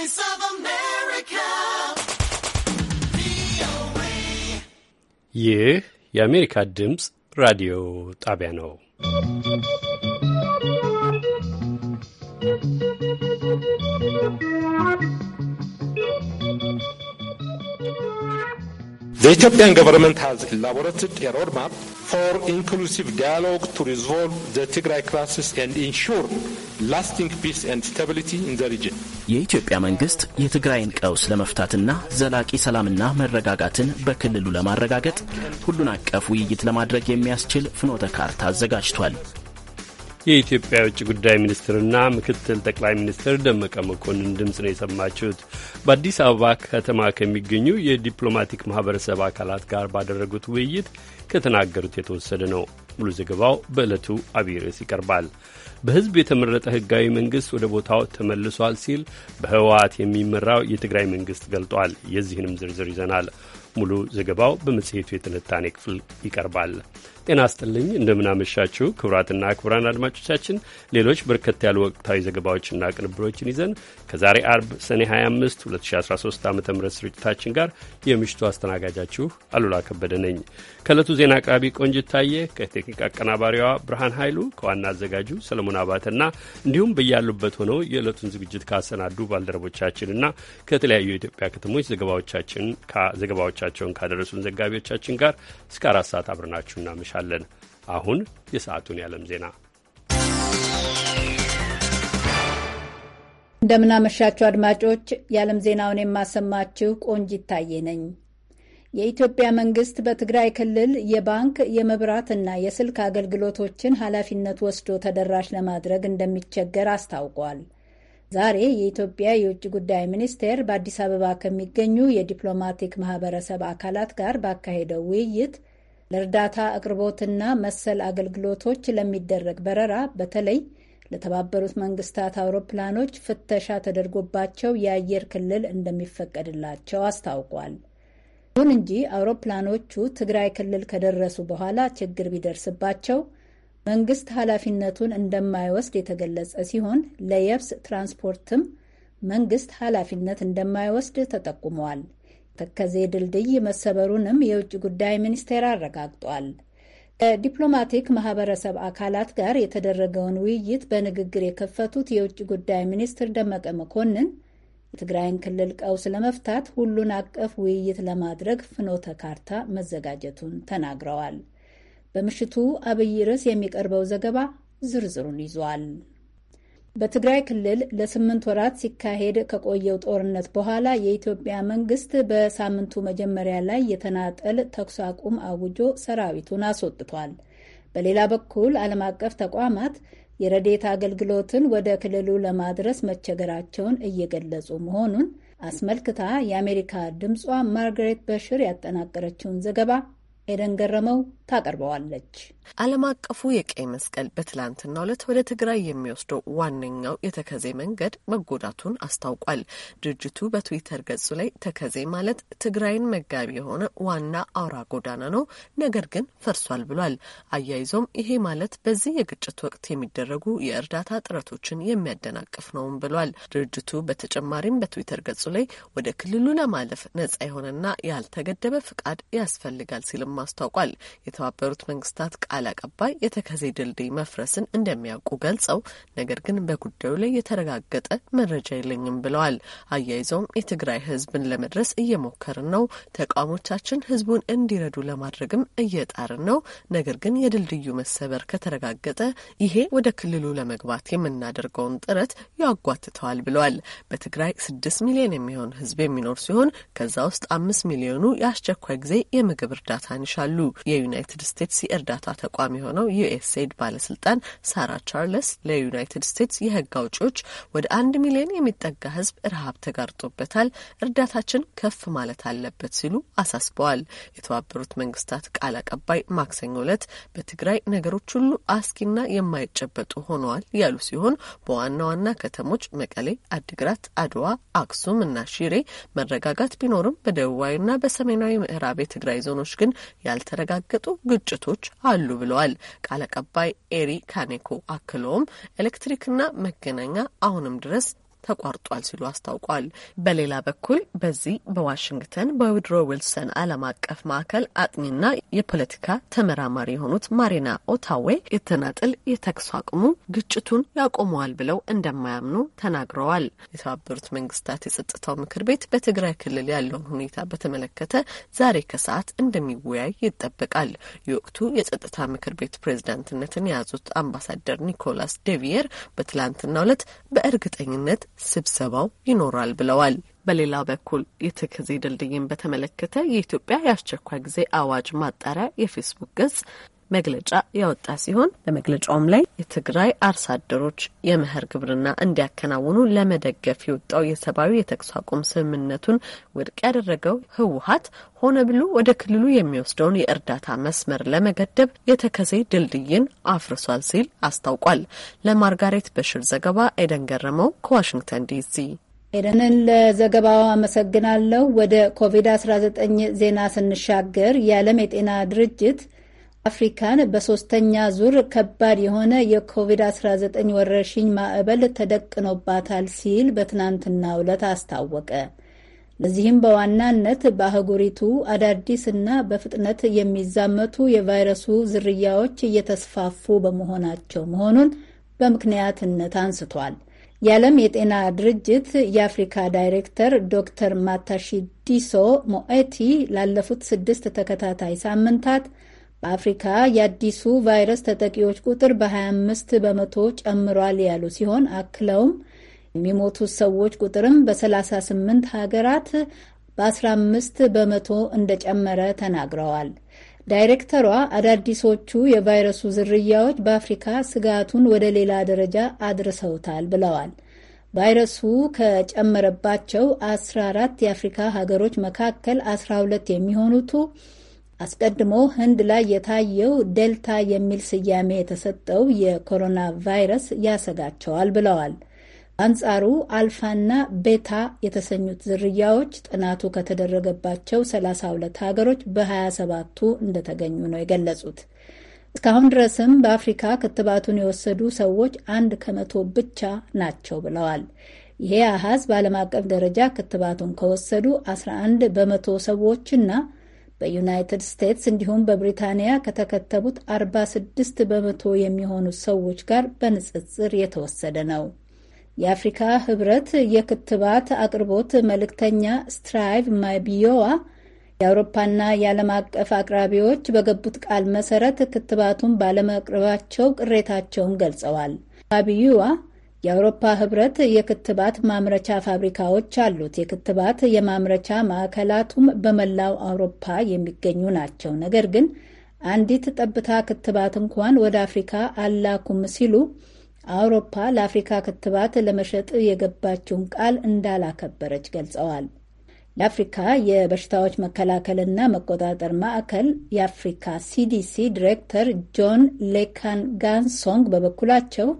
Voice of America. ይህ የአሜሪካ ድምፅ ራዲዮ ጣቢያ ነው። The Ethiopian government has elaborated a roadmap for inclusive dialogue to resolve the Tigray crisis and ensure lasting peace and stability in the region. የኢትዮጵያ መንግስት የትግራይን ቀውስ ለመፍታትና ዘላቂ ሰላምና መረጋጋትን በክልሉ ለማረጋገጥ ሁሉን አቀፍ ውይይት ለማድረግ የሚያስችል ፍኖተ ካርታ አዘጋጅቷል። የኢትዮጵያ የውጭ ጉዳይ ሚኒስትርና ምክትል ጠቅላይ ሚኒስትር ደመቀ መኮንን ድምፅ ነው የሰማችሁት። በአዲስ አበባ ከተማ ከሚገኙ የዲፕሎማቲክ ማህበረሰብ አካላት ጋር ባደረጉት ውይይት ከተናገሩት የተወሰደ ነው። ሙሉ ዘገባው በዕለቱ አብይ ይቀርባል። በህዝብ የተመረጠ ህጋዊ መንግስት ወደ ቦታው ተመልሷል ሲል በህወሓት የሚመራው የትግራይ መንግስት ገልጧል። የዚህንም ዝርዝር ይዘናል። ሙሉ ዘገባው በመጽሔቱ የትንታኔ ክፍል ይቀርባል። ጤና ስጥልኝ፣ እንደምናመሻችሁ ክቡራትና ክቡራን አድማጮቻችን ሌሎች በርከት ያሉ ወቅታዊ ዘገባዎችና ቅንብሮችን ይዘን ከዛሬ አርብ ሰኔ 25 2013 ዓ ም ስርጭታችን ጋር የምሽቱ አስተናጋጃችሁ አሉላ ከበደ ነኝ። ከእለቱ ዜና አቅራቢ ቆንጅት ታየ፣ ከቴክኒክ አቀናባሪዋ ብርሃን ኃይሉ፣ ከዋና አዘጋጁ ሰለሞን አባተና እንዲሁም በያሉበት ሆነው የዕለቱን ዝግጅት ካሰናዱ ባልደረቦቻችንና ከተለያዩ የኢትዮጵያ ከተሞች ዘገባዎቻቸውን ካደረሱን ዘጋቢዎቻችን ጋር እስከ አራት ሰዓት አብረናችሁ እናመሻል እናመጣለን። አሁን የሰዓቱን የዓለም ዜና እንደምናመሻችሁ አድማጮች፣ የዓለም ዜናውን የማሰማችሁ ቆንጅ ይታየ ነኝ። የኢትዮጵያ መንግስት በትግራይ ክልል የባንክ የመብራትና የስልክ አገልግሎቶችን ኃላፊነት ወስዶ ተደራሽ ለማድረግ እንደሚቸገር አስታውቋል። ዛሬ የኢትዮጵያ የውጭ ጉዳይ ሚኒስቴር በአዲስ አበባ ከሚገኙ የዲፕሎማቲክ ማህበረሰብ አካላት ጋር ባካሄደው ውይይት ለእርዳታ አቅርቦትና መሰል አገልግሎቶች ለሚደረግ በረራ በተለይ ለተባበሩት መንግስታት አውሮፕላኖች ፍተሻ ተደርጎባቸው የአየር ክልል እንደሚፈቀድላቸው አስታውቋል። ይሁን እንጂ አውሮፕላኖቹ ትግራይ ክልል ከደረሱ በኋላ ችግር ቢደርስባቸው መንግስት ኃላፊነቱን እንደማይወስድ የተገለጸ ሲሆን ለየብስ ትራንስፖርትም መንግስት ኃላፊነት እንደማይወስድ ተጠቁመዋል። ተከዜ ድልድይ መሰበሩንም የውጭ ጉዳይ ሚኒስቴር አረጋግጧል። ከዲፕሎማቲክ ማህበረሰብ አካላት ጋር የተደረገውን ውይይት በንግግር የከፈቱት የውጭ ጉዳይ ሚኒስትር ደመቀ መኮንን የትግራይን ክልል ቀውስ ለመፍታት ሁሉን አቀፍ ውይይት ለማድረግ ፍኖተ ካርታ መዘጋጀቱን ተናግረዋል። በምሽቱ አብይ ርዕስ የሚቀርበው ዘገባ ዝርዝሩን ይዟል። በትግራይ ክልል ለስምንት ወራት ሲካሄድ ከቆየው ጦርነት በኋላ የኢትዮጵያ መንግስት በሳምንቱ መጀመሪያ ላይ የተናጠል ተኩስ አቁም አውጆ ሰራዊቱን አስወጥቷል። በሌላ በኩል ዓለም አቀፍ ተቋማት የረዴት አገልግሎትን ወደ ክልሉ ለማድረስ መቸገራቸውን እየገለጹ መሆኑን አስመልክታ የአሜሪካ ድምጿ ማርጋሬት በሽር ያጠናቀረችውን ዘገባ ኤደን ገረመው ታቀርበዋለች። ዓለም አቀፉ የቀይ መስቀል በትላንትናው ዕለት ወደ ትግራይ የሚወስደው ዋነኛው የተከዜ መንገድ መጎዳቱን አስታውቋል። ድርጅቱ በትዊተር ገጹ ላይ ተከዜ ማለት ትግራይን መጋቢ የሆነ ዋና አውራ ጎዳና ነው፣ ነገር ግን ፈርሷል ብሏል። አያይዞም ይሄ ማለት በዚህ የግጭት ወቅት የሚደረጉ የእርዳታ ጥረቶችን የሚያደናቅፍ ነውም ብሏል። ድርጅቱ በተጨማሪም በትዊተር ገጹ ላይ ወደ ክልሉ ለማለፍ ነጻ የሆነና ያልተገደበ ፍቃድ ያስፈልጋል ሲልም አስታውቋል። የተባበሩት መንግስታት ቃል አቀባይ የተከዜ ድልድይ መፍረስን እንደሚያውቁ ገልጸው ነገር ግን በጉዳዩ ላይ የተረጋገጠ መረጃ የለኝም ብለዋል። አያይዘውም የትግራይ ህዝብን ለመድረስ እየሞከርን ነው፣ ተቃዋሞቻችን ህዝቡን እንዲረዱ ለማድረግም እየጣርን ነው። ነገር ግን የድልድዩ መሰበር ከተረጋገጠ ይሄ ወደ ክልሉ ለመግባት የምናደርገውን ጥረት ያጓትተዋል ብለዋል። በትግራይ ስድስት ሚሊዮን የሚሆን ህዝብ የሚኖር ሲሆን ከዛ ውስጥ አምስት ሚሊዮኑ የአስቸኳይ ጊዜ የምግብ እርዳታን ይሻሉ። የዩናይትድ ስቴትስ የእርዳታ ተቋም የሆነው ዩኤስኤድ ባለስልጣን ሳራ ቻርለስ ለዩናይትድ ስቴትስ የህግ አውጪዎች ወደ አንድ ሚሊዮን የሚጠጋ ህዝብ ረሃብ ተጋርጦበታል፣ እርዳታችን ከፍ ማለት አለበት ሲሉ አሳስበዋል። የተባበሩት መንግስታት ቃል አቀባይ ማክሰኞ ዕለት በትግራይ ነገሮች ሁሉ አስጊና የማይጨበጡ ሆነዋል ያሉ ሲሆን በዋና ዋና ከተሞች መቀሌ፣ አድግራት፣ አድዋ፣ አክሱም እና ሺሬ መረጋጋት ቢኖርም በደቡባዊና በሰሜናዊ ምዕራብ የትግራይ ዞኖች ግን ያልተረጋገጡ ግጭቶች አሉ ብለዋል። ቃል አቀባይ ኤሪ ካኔኮ አክሎም ኤሌክትሪክና መገናኛ አሁንም ድረስ ተቋርጧል ሲሉ አስታውቋል። በሌላ በኩል በዚህ በዋሽንግተን በውድሮ ዊልሰን ዓለም አቀፍ ማዕከል አጥኚና የፖለቲካ ተመራማሪ የሆኑት ማሪና ኦታዌ የተናጥል የተኩስ አቁሙ ግጭቱን ያቆመዋል ብለው እንደማያምኑ ተናግረዋል። የተባበሩት መንግስታት የጸጥታው ምክር ቤት በትግራይ ክልል ያለውን ሁኔታ በተመለከተ ዛሬ ከሰዓት እንደሚወያይ ይጠበቃል። የወቅቱ የጸጥታ ምክር ቤት ፕሬዝዳንትነትን የያዙት አምባሳደር ኒኮላስ ዴቪየር በትላንትናው ዕለት በእርግጠኝነት ስብሰባው ይኖራል ብለዋል። በሌላ በኩል የተከዜ ድልድይን በተመለከተ የኢትዮጵያ የአስቸኳይ ጊዜ አዋጅ ማጣሪያ የፌስቡክ ገጽ መግለጫ ያወጣ ሲሆን በመግለጫውም ላይ የትግራይ አርሶ አደሮች የመኸር ግብርና እንዲያከናውኑ ለመደገፍ የወጣው የሰብአዊ የተኩስ አቁም ስምምነቱን ውድቅ ያደረገው ህወሀት ሆነ ብሎ ወደ ክልሉ የሚወስደውን የእርዳታ መስመር ለመገደብ የተከዜ ድልድይን አፍርሷል ሲል አስታውቋል። ለማርጋሬት በሽር ዘገባ ኤደን ገረመው ከዋሽንግተን ዲሲ። ኤደንን ለዘገባው አመሰግናለሁ። ወደ ኮቪድ-19 ዜና ስንሻገር የዓለም የጤና ድርጅት አፍሪካን በሶስተኛ ዙር ከባድ የሆነ የኮቪድ-19 ወረርሽኝ ማዕበል ተደቅኖባታል ሲል በትናንትናው ዕለት አስታወቀ። ለዚህም በዋናነት በአህጉሪቱ አዳዲስ እና በፍጥነት የሚዛመቱ የቫይረሱ ዝርያዎች እየተስፋፉ በመሆናቸው መሆኑን በምክንያትነት አንስቷል። የዓለም የጤና ድርጅት የአፍሪካ ዳይሬክተር ዶክተር ማታሺዲሶ ሞኤቲ ላለፉት ስድስት ተከታታይ ሳምንታት በአፍሪካ የአዲሱ ቫይረስ ተጠቂዎች ቁጥር በ25 በመቶ ጨምሯል ያሉ ሲሆን አክለውም የሚሞቱት ሰዎች ቁጥርም በ38 ሀገራት በ15 በመቶ እንደጨመረ ተናግረዋል። ዳይሬክተሯ አዳዲሶቹ የቫይረሱ ዝርያዎች በአፍሪካ ስጋቱን ወደ ሌላ ደረጃ አድርሰውታል ብለዋል። ቫይረሱ ከጨመረባቸው 14 የአፍሪካ ሀገሮች መካከል 12 የሚሆኑቱ አስቀድሞ ህንድ ላይ የታየው ዴልታ የሚል ስያሜ የተሰጠው የኮሮና ቫይረስ ያሰጋቸዋል ብለዋል። አንጻሩ አልፋና ቤታ የተሰኙት ዝርያዎች ጥናቱ ከተደረገባቸው 32 ሀገሮች በ27ቱ እንደተገኙ ነው የገለጹት። እስካሁን ድረስም በአፍሪካ ክትባቱን የወሰዱ ሰዎች አንድ ከመቶ ብቻ ናቸው ብለዋል። ይሄ አሃዝ በዓለም አቀፍ ደረጃ ክትባቱን ከወሰዱ 11 በመቶ ሰዎችና በዩናይትድ ስቴትስ እንዲሁም በብሪታንያ ከተከተቡት 46 በመቶ የሚሆኑ ሰዎች ጋር በንጽጽር የተወሰደ ነው። የአፍሪካ ህብረት የክትባት አቅርቦት መልእክተኛ ስትራይቭ ማቢዮዋ የአውሮፓና የዓለም አቀፍ አቅራቢዎች በገቡት ቃል መሰረት ክትባቱን ባለመቅረባቸው ቅሬታቸውን ገልጸዋል። ማቢዮዋ የአውሮፓ ህብረት የክትባት ማምረቻ ፋብሪካዎች አሉት። የክትባት የማምረቻ ማዕከላቱም በመላው አውሮፓ የሚገኙ ናቸው። ነገር ግን አንዲት ጠብታ ክትባት እንኳን ወደ አፍሪካ አላኩም ሲሉ አውሮፓ ለአፍሪካ ክትባት ለመሸጥ የገባችውን ቃል እንዳላከበረች ገልጸዋል። የአፍሪካ የበሽታዎች መከላከልና መቆጣጠር ማዕከል የአፍሪካ ሲዲሲ ዲሬክተር ጆን ሌካን ጋንሶንግ በበኩላቸው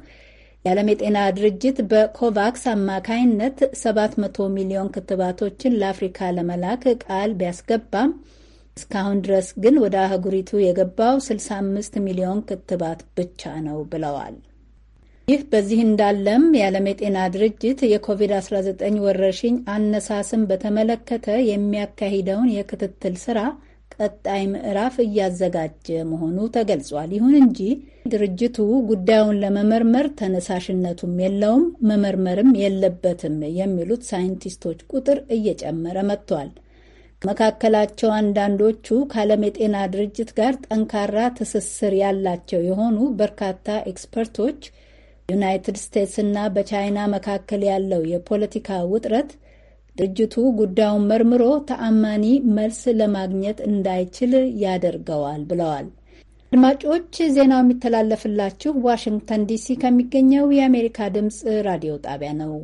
የዓለም የጤና ድርጅት በኮቫክስ አማካይነት 700 ሚሊዮን ክትባቶችን ለአፍሪካ ለመላክ ቃል ቢያስገባም እስካሁን ድረስ ግን ወደ አህጉሪቱ የገባው 65 ሚሊዮን ክትባት ብቻ ነው ብለዋል። ይህ በዚህ እንዳለም የዓለም የጤና ድርጅት የኮቪድ-19 ወረርሽኝ አነሳስን በተመለከተ የሚያካሂደውን የክትትል ስራ ቀጣይ ምዕራፍ እያዘጋጀ መሆኑ ተገልጿል። ይሁን እንጂ ድርጅቱ ጉዳዩን ለመመርመር ተነሳሽነቱም የለውም፣ መመርመርም የለበትም የሚሉት ሳይንቲስቶች ቁጥር እየጨመረ መጥቷል። ከመካከላቸው አንዳንዶቹ ከዓለም የጤና ድርጅት ጋር ጠንካራ ትስስር ያላቸው የሆኑ በርካታ ኤክስፐርቶች ዩናይትድ ስቴትስ እና በቻይና መካከል ያለው የፖለቲካ ውጥረት ድርጅቱ ጉዳዩን መርምሮ ተአማኒ መልስ ለማግኘት እንዳይችል ያደርገዋል ብለዋል። አድማጮች ዜናው የሚተላለፍላችሁ ዋሽንግተን ዲሲ ከሚገኘው የአሜሪካ ድምፅ ራዲዮ ጣቢያ ነው።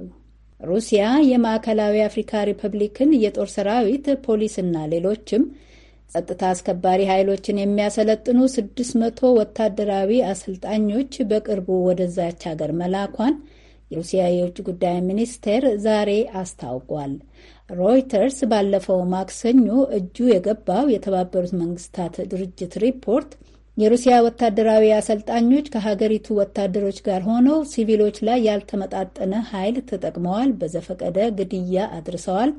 ሩሲያ የማዕከላዊ አፍሪካ ሪፐብሊክን የጦር ሰራዊት፣ ፖሊስና ሌሎችም ጸጥታ አስከባሪ ኃይሎችን የሚያሰለጥኑ 600 ወታደራዊ አሰልጣኞች በቅርቡ ወደዛች ሀገር መላኳን የሩሲያ የውጭ ጉዳይ ሚኒስቴር ዛሬ አስታውቋል። ሮይተርስ ባለፈው ማክሰኞ እጁ የገባው የተባበሩት መንግስታት ድርጅት ሪፖርት የሩሲያ ወታደራዊ አሰልጣኞች ከሀገሪቱ ወታደሮች ጋር ሆነው ሲቪሎች ላይ ያልተመጣጠነ ኃይል ተጠቅመዋል፣ በዘፈቀደ ግድያ አድርሰዋል፣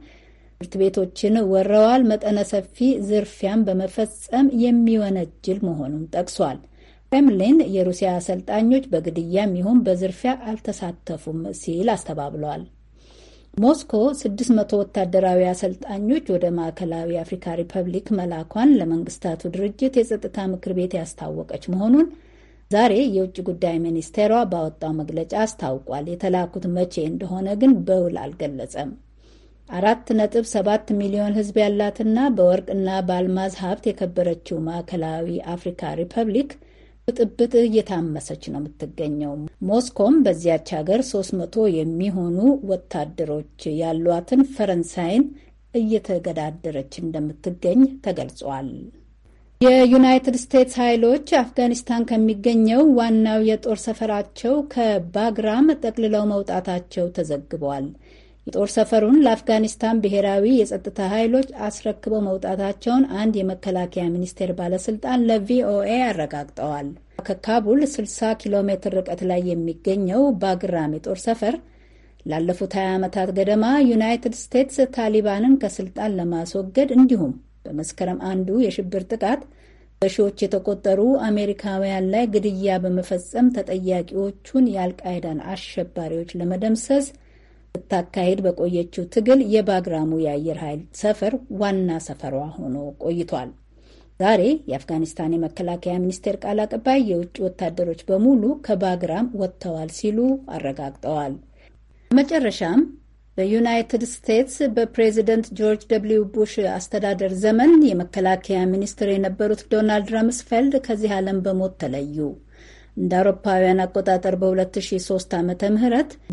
ትምህርት ቤቶችን ወረዋል፣ መጠነ ሰፊ ዝርፊያን በመፈጸም የሚወነጅል መሆኑን ጠቅሷል። ክሬምሊን የሩሲያ አሰልጣኞች በግድያም ይሁን በዝርፊያ አልተሳተፉም ሲል አስተባብሏል። ሞስኮ 600 ወታደራዊ አሰልጣኞች ወደ ማዕከላዊ አፍሪካ ሪፐብሊክ መላኳን ለመንግስታቱ ድርጅት የጸጥታ ምክር ቤት ያስታወቀች መሆኑን ዛሬ የውጭ ጉዳይ ሚኒስቴሯ ባወጣው መግለጫ አስታውቋል። የተላኩት መቼ እንደሆነ ግን በውል አልገለጸም። አራት ነጥብ ሰባት ሚሊዮን ሕዝብ ያላትና በወርቅና በአልማዝ ሀብት የከበረችው ማዕከላዊ አፍሪካ ሪፐብሊክ ብጥብጥ እየታመሰች ነው የምትገኘው። ሞስኮም በዚያች ሀገር 300 መቶ የሚሆኑ ወታደሮች ያሏትን ፈረንሳይን እየተገዳደረች እንደምትገኝ ተገልጿል። የዩናይትድ ስቴትስ ኃይሎች አፍጋኒስታን ከሚገኘው ዋናው የጦር ሰፈራቸው ከባግራም ጠቅልለው መውጣታቸው ተዘግቧል። የጦር ሰፈሩን ለአፍጋኒስታን ብሔራዊ የጸጥታ ኃይሎች አስረክበው መውጣታቸውን አንድ የመከላከያ ሚኒስቴር ባለስልጣን ለቪኦኤ አረጋግጠዋል። ከካቡል 60 ኪሎ ሜትር ርቀት ላይ የሚገኘው ባግራም የጦር ሰፈር ላለፉት 20 ዓመታት ገደማ ዩናይትድ ስቴትስ ታሊባንን ከስልጣን ለማስወገድ እንዲሁም በመስከረም አንዱ የሽብር ጥቃት በሺዎች የተቆጠሩ አሜሪካውያን ላይ ግድያ በመፈጸም ተጠያቂዎቹን የአልቃይዳን አሸባሪዎች ለመደምሰስ ስታካሄድ በቆየችው ትግል የባግራሙ የአየር ኃይል ሰፈር ዋና ሰፈሯ ሆኖ ቆይቷል። ዛሬ የአፍጋኒስታን የመከላከያ ሚኒስቴር ቃል አቀባይ የውጭ ወታደሮች በሙሉ ከባግራም ወጥተዋል ሲሉ አረጋግጠዋል። መጨረሻም በዩናይትድ ስቴትስ በፕሬዚደንት ጆርጅ ደብሊው ቡሽ አስተዳደር ዘመን የመከላከያ ሚኒስትር የነበሩት ዶናልድ ረምስፌልድ ከዚህ ዓለም በሞት ተለዩ። እንደ አውሮፓውያን አቆጣጠር በ2003 ዓ ም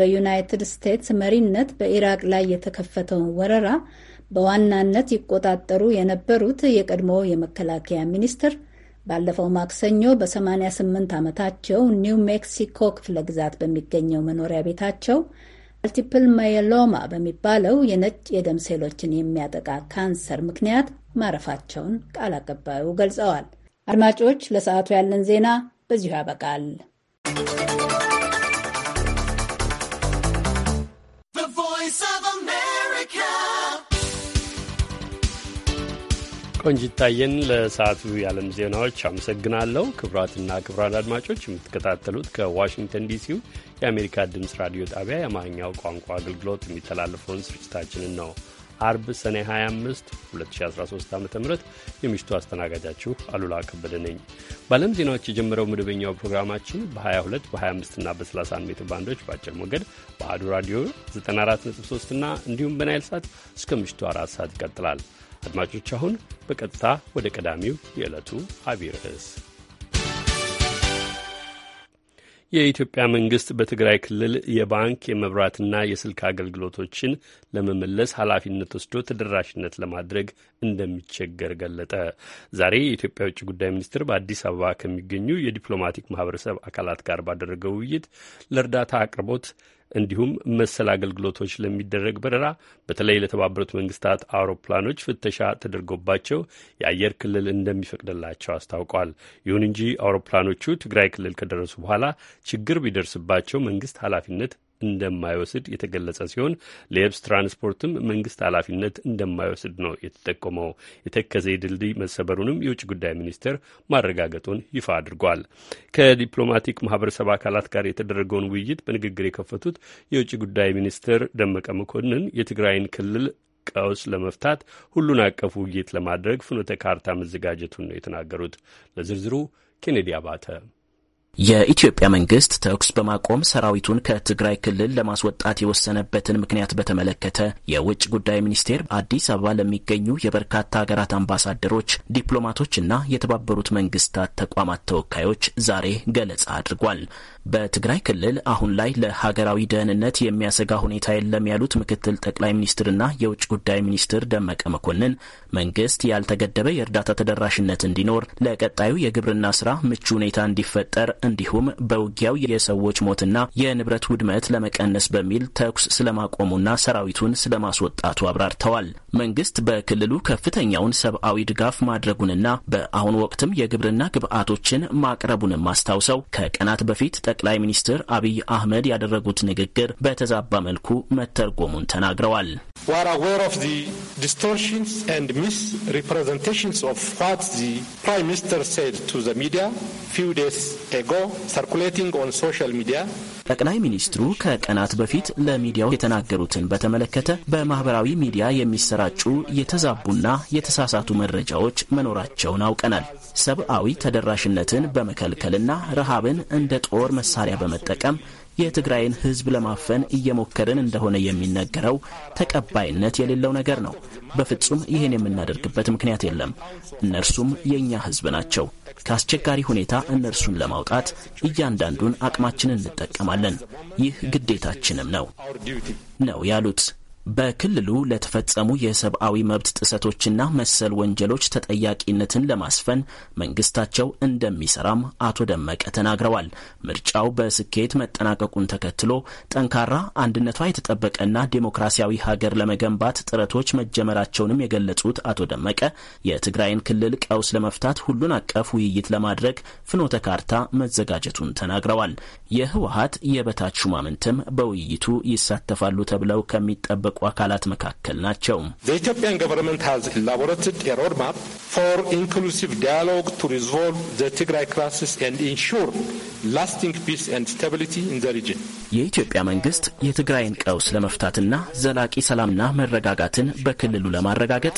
በዩናይትድ ስቴትስ መሪነት በኢራቅ ላይ የተከፈተውን ወረራ በዋናነት ይቆጣጠሩ የነበሩት የቀድሞ የመከላከያ ሚኒስትር ባለፈው ማክሰኞ በ88 ዓመታቸው ኒው ሜክሲኮ ክፍለ ግዛት በሚገኘው መኖሪያ ቤታቸው መልቲፕል ማየሎማ በሚባለው የነጭ የደም ሴሎችን የሚያጠቃ ካንሰር ምክንያት ማረፋቸውን ቃል አቀባዩ ገልጸዋል። አድማጮች፣ ለሰዓቱ ያለን ዜና በዚሁ ያበቃል። ቆንጅታየን ለሰዓቱ የዓለም ዜናዎች አመሰግናለሁ። ክቡራትና ክቡራን አድማጮች የምትከታተሉት ከዋሽንግተን ዲሲው የአሜሪካ ድምፅ ራዲዮ ጣቢያ የአማርኛው ቋንቋ አገልግሎት የሚተላለፈውን ስርጭታችንን ነው። አርብ ሰኔ 25 2013 ዓ ም የምሽቱ አስተናጋጃችሁ አሉላ ከበደ ነኝ። በዓለም ዜናዎች የጀመረው መደበኛው ፕሮግራማችን በ22 በ25 እና በ31 ሜትር ባንዶች በአጭር ሞገድ በአዱ ራዲዮ 943 እና እንዲሁም በናይል ሳት እስከ ምሽቱ አራት ሰዓት ይቀጥላል። አድማጮች አሁን በቀጥታ ወደ ቀዳሚው የዕለቱ አቢይ ርዕስ የኢትዮጵያ መንግስት በትግራይ ክልል የባንክ የመብራትና የስልክ አገልግሎቶችን ለመመለስ ኃላፊነት ወስዶ ተደራሽነት ለማድረግ እንደሚቸገር ገለጠ። ዛሬ የኢትዮጵያ ውጭ ጉዳይ ሚኒስትር በአዲስ አበባ ከሚገኙ የዲፕሎማቲክ ማህበረሰብ አካላት ጋር ባደረገው ውይይት ለእርዳታ አቅርቦት እንዲሁም መሰል አገልግሎቶች ለሚደረግ በረራ በተለይ ለተባበሩት መንግስታት አውሮፕላኖች ፍተሻ ተደርጎባቸው የአየር ክልል እንደሚፈቅድላቸው አስታውቋል። ይሁን እንጂ አውሮፕላኖቹ ትግራይ ክልል ከደረሱ በኋላ ችግር ቢደርስባቸው መንግስት ኃላፊነት እንደማይወስድ የተገለጸ ሲሆን ለየብስ ትራንስፖርትም መንግስት ኃላፊነት እንደማይወስድ ነው የተጠቆመው። የተከዘ ድልድይ መሰበሩንም የውጭ ጉዳይ ሚኒስቴር ማረጋገጡን ይፋ አድርጓል። ከዲፕሎማቲክ ማህበረሰብ አካላት ጋር የተደረገውን ውይይት በንግግር የከፈቱት የውጭ ጉዳይ ሚኒስትር ደመቀ መኮንን የትግራይን ክልል ቀውስ ለመፍታት ሁሉን አቀፍ ውይይት ለማድረግ ፍኖተ ካርታ መዘጋጀቱን ነው የተናገሩት። ለዝርዝሩ ኬኔዲ አባተ የኢትዮጵያ መንግስት ተኩስ በማቆም ሰራዊቱን ከትግራይ ክልል ለማስወጣት የወሰነበትን ምክንያት በተመለከተ የውጭ ጉዳይ ሚኒስቴር አዲስ አበባ ለሚገኙ የበርካታ ሀገራት አምባሳደሮች፣ ዲፕሎማቶችና የተባበሩት መንግስታት ተቋማት ተወካዮች ዛሬ ገለጻ አድርጓል። በትግራይ ክልል አሁን ላይ ለሀገራዊ ደህንነት የሚያሰጋ ሁኔታ የለም ያሉት ምክትል ጠቅላይ ሚኒስትርና የውጭ ጉዳይ ሚኒስትር ደመቀ መኮንን መንግስት ያልተገደበ የእርዳታ ተደራሽነት እንዲኖር ለቀጣዩ የግብርና ስራ ምቹ ሁኔታ እንዲፈጠር እንዲሁም በውጊያው የሰዎች ሞትና የንብረት ውድመት ለመቀነስ በሚል ተኩስ ስለማቆሙና ሰራዊቱን ስለማስወጣቱ አብራርተዋል። መንግስት በክልሉ ከፍተኛውን ሰብአዊ ድጋፍ ማድረጉንና በአሁኑ ወቅትም የግብርና ግብዓቶችን ማቅረቡንም አስታውሰው ከቀናት በፊት ጠቅላይ ሚኒስትር አብይ አህመድ ያደረጉት ንግግር በተዛባ መልኩ መተርጎሙን ተናግረዋል። were aware of the distortions and misrepresentations of what the Prime Minister said to the media few days ago circulating on social media. ጠቅላይ ሚኒስትሩ ከቀናት በፊት ለሚዲያው የተናገሩትን በተመለከተ በማህበራዊ ሚዲያ የሚሰራጩ የተዛቡና የተሳሳቱ መረጃዎች መኖራቸውን አውቀናል። ሰብአዊ ተደራሽነትን በመከልከልና ረሃብን እንደ ጦር መሳሪያ በመጠቀም የትግራይን ህዝብ ለማፈን እየሞከርን እንደሆነ የሚነገረው ተቀባይነት የሌለው ነገር ነው። በፍጹም ይህን የምናደርግበት ምክንያት የለም። እነርሱም የእኛ ህዝብ ናቸው። ከአስቸጋሪ ሁኔታ እነርሱን ለማውጣት እያንዳንዱን አቅማችንን እንጠቀማለን። ይህ ግዴታችንም ነው ነው ያሉት በክልሉ ለተፈጸሙ የሰብአዊ መብት ጥሰቶችና መሰል ወንጀሎች ተጠያቂነትን ለማስፈን መንግስታቸው እንደሚሰራም አቶ ደመቀ ተናግረዋል። ምርጫው በስኬት መጠናቀቁን ተከትሎ ጠንካራ አንድነቷ የተጠበቀና ዴሞክራሲያዊ ሀገር ለመገንባት ጥረቶች መጀመራቸውንም የገለጹት አቶ ደመቀ የትግራይን ክልል ቀውስ ለመፍታት ሁሉን አቀፍ ውይይት ለማድረግ ፍኖተ ካርታ መዘጋጀቱን ተናግረዋል። የህወሀት የበታች ሹማምንትም በውይይቱ ይሳተፋሉ ተብለው ከሚጠበቁ ከሚጠበቁ አካላት መካከል ናቸው። ኢትዮጵያን ገቨርንመንት ሀዝ ኢላቦሬትድ ሮድ ማፕ ፎር ኢንክሉሲቭ ዳያሎግ ቱ ሪዞልቭ ዘ ትግራይ ክራይሲስ ኤንድ ኢንሹር ላስቲንግ ፒስ ኤንድ ስታቢሊቲ ኢን ዘ ሪጅን። የኢትዮጵያ መንግስት የትግራይን ቀውስ ለመፍታትና ዘላቂ ሰላምና መረጋጋትን በክልሉ ለማረጋገጥ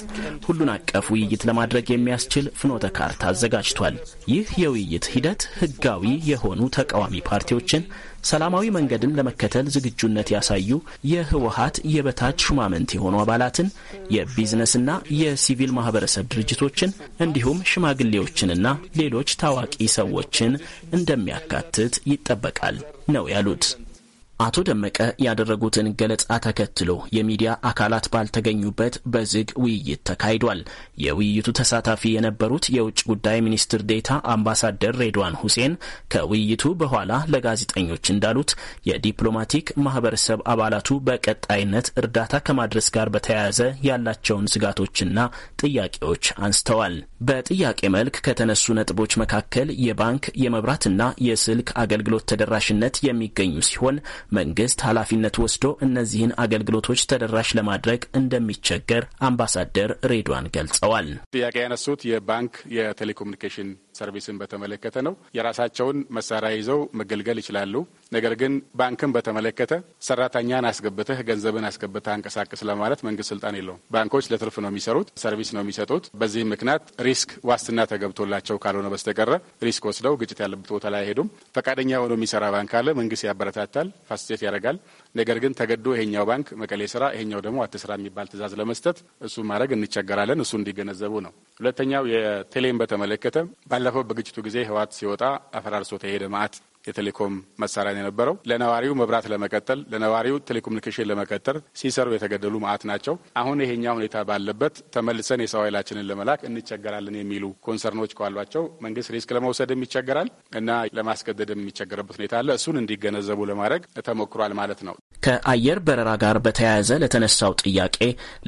ሁሉን አቀፍ ውይይት ለማድረግ የሚያስችል ፍኖተ ካርታ አዘጋጅቷል። ይህ የውይይት ሂደት ህጋዊ የሆኑ ተቃዋሚ ፓርቲዎችን ሰላማዊ መንገድን ለመከተል ዝግጁነት ያሳዩ የህወሀት የበታች ሹማምንት የሆኑ አባላትን፣ የቢዝነስና የሲቪል ማህበረሰብ ድርጅቶችን እንዲሁም ሽማግሌዎችንና ሌሎች ታዋቂ ሰዎችን እንደሚያካትት ይጠበቃል ነው ያሉት። አቶ ደመቀ ያደረጉትን ገለጻ ተከትሎ የሚዲያ አካላት ባልተገኙበት በዝግ ውይይት ተካሂዷል። የውይይቱ ተሳታፊ የነበሩት የውጭ ጉዳይ ሚኒስትር ዴታ አምባሳደር ሬድዋን ሁሴን ከውይይቱ በኋላ ለጋዜጠኞች እንዳሉት የዲፕሎማቲክ ማህበረሰብ አባላቱ በቀጣይነት እርዳታ ከማድረስ ጋር በተያያዘ ያላቸውን ስጋቶችና ጥያቄዎች አንስተዋል። በጥያቄ መልክ ከተነሱ ነጥቦች መካከል የባንክ የመብራትና የስልክ አገልግሎት ተደራሽነት የሚገኙ ሲሆን መንግስት ኃላፊነት ወስዶ እነዚህን አገልግሎቶች ተደራሽ ለማድረግ እንደሚቸገር አምባሳደር ሬድዋን ገልጸዋል። ጥያቄ ያነሱት የባንክ የቴሌኮሙኒኬሽን ሰርቪስን በተመለከተ ነው። የራሳቸውን መሳሪያ ይዘው መገልገል ይችላሉ። ነገር ግን ባንክን በተመለከተ ሰራተኛን አስገብተህ ገንዘብን አስገብተህ አንቀሳቅስ ለማለት መንግስት ስልጣን የለውም። ባንኮች ለትርፍ ነው የሚሰሩት፣ ሰርቪስ ነው የሚሰጡት። በዚህም ምክንያት ሪስክ ዋስትና ተገብቶላቸው ካልሆነ በስተቀረ ሪስክ ወስደው ግጭት ያለበት ቦታ ላይ አይሄዱም። ፈቃደኛ ሆኖ የሚሰራ ባንክ አለ፣ መንግስት ያበረታታል፣ ፋሲሊቴት ያደርጋል። ነገር ግን ተገዶ ይሄኛው ባንክ መቀሌ ስራ፣ ይሄኛው ደግሞ አትስራ የሚባል ትእዛዝ ለመስጠት እሱ ማድረግ እንቸገራለን። እሱ እንዲገነዘቡ ነው። ሁለተኛው የቴሌን በተመለከተ ባለፈው በግጭቱ ጊዜ ህወሓት ሲወጣ አፈራርሶ ተሄደ። ማአት የቴሌኮም መሳሪያ የነበረው። ለነዋሪው መብራት ለመቀጠል፣ ለነዋሪው ቴሌኮሙኒኬሽን ለመቀጠል ሲሰሩ የተገደሉ መዓት ናቸው። አሁን ይሄኛ ሁኔታ ባለበት ተመልሰን የሰው ኃይላችንን ለመላክ እንቸገራለን የሚሉ ኮንሰርኖች ካሏቸው መንግስት ሪስክ ለመውሰድም ይቸገራል እና ለማስገደድም የሚቸገርበት ሁኔታ አለ። እሱን እንዲገነዘቡ ለማድረግ ተሞክሯል ማለት ነው። ከአየር በረራ ጋር በተያያዘ ለተነሳው ጥያቄ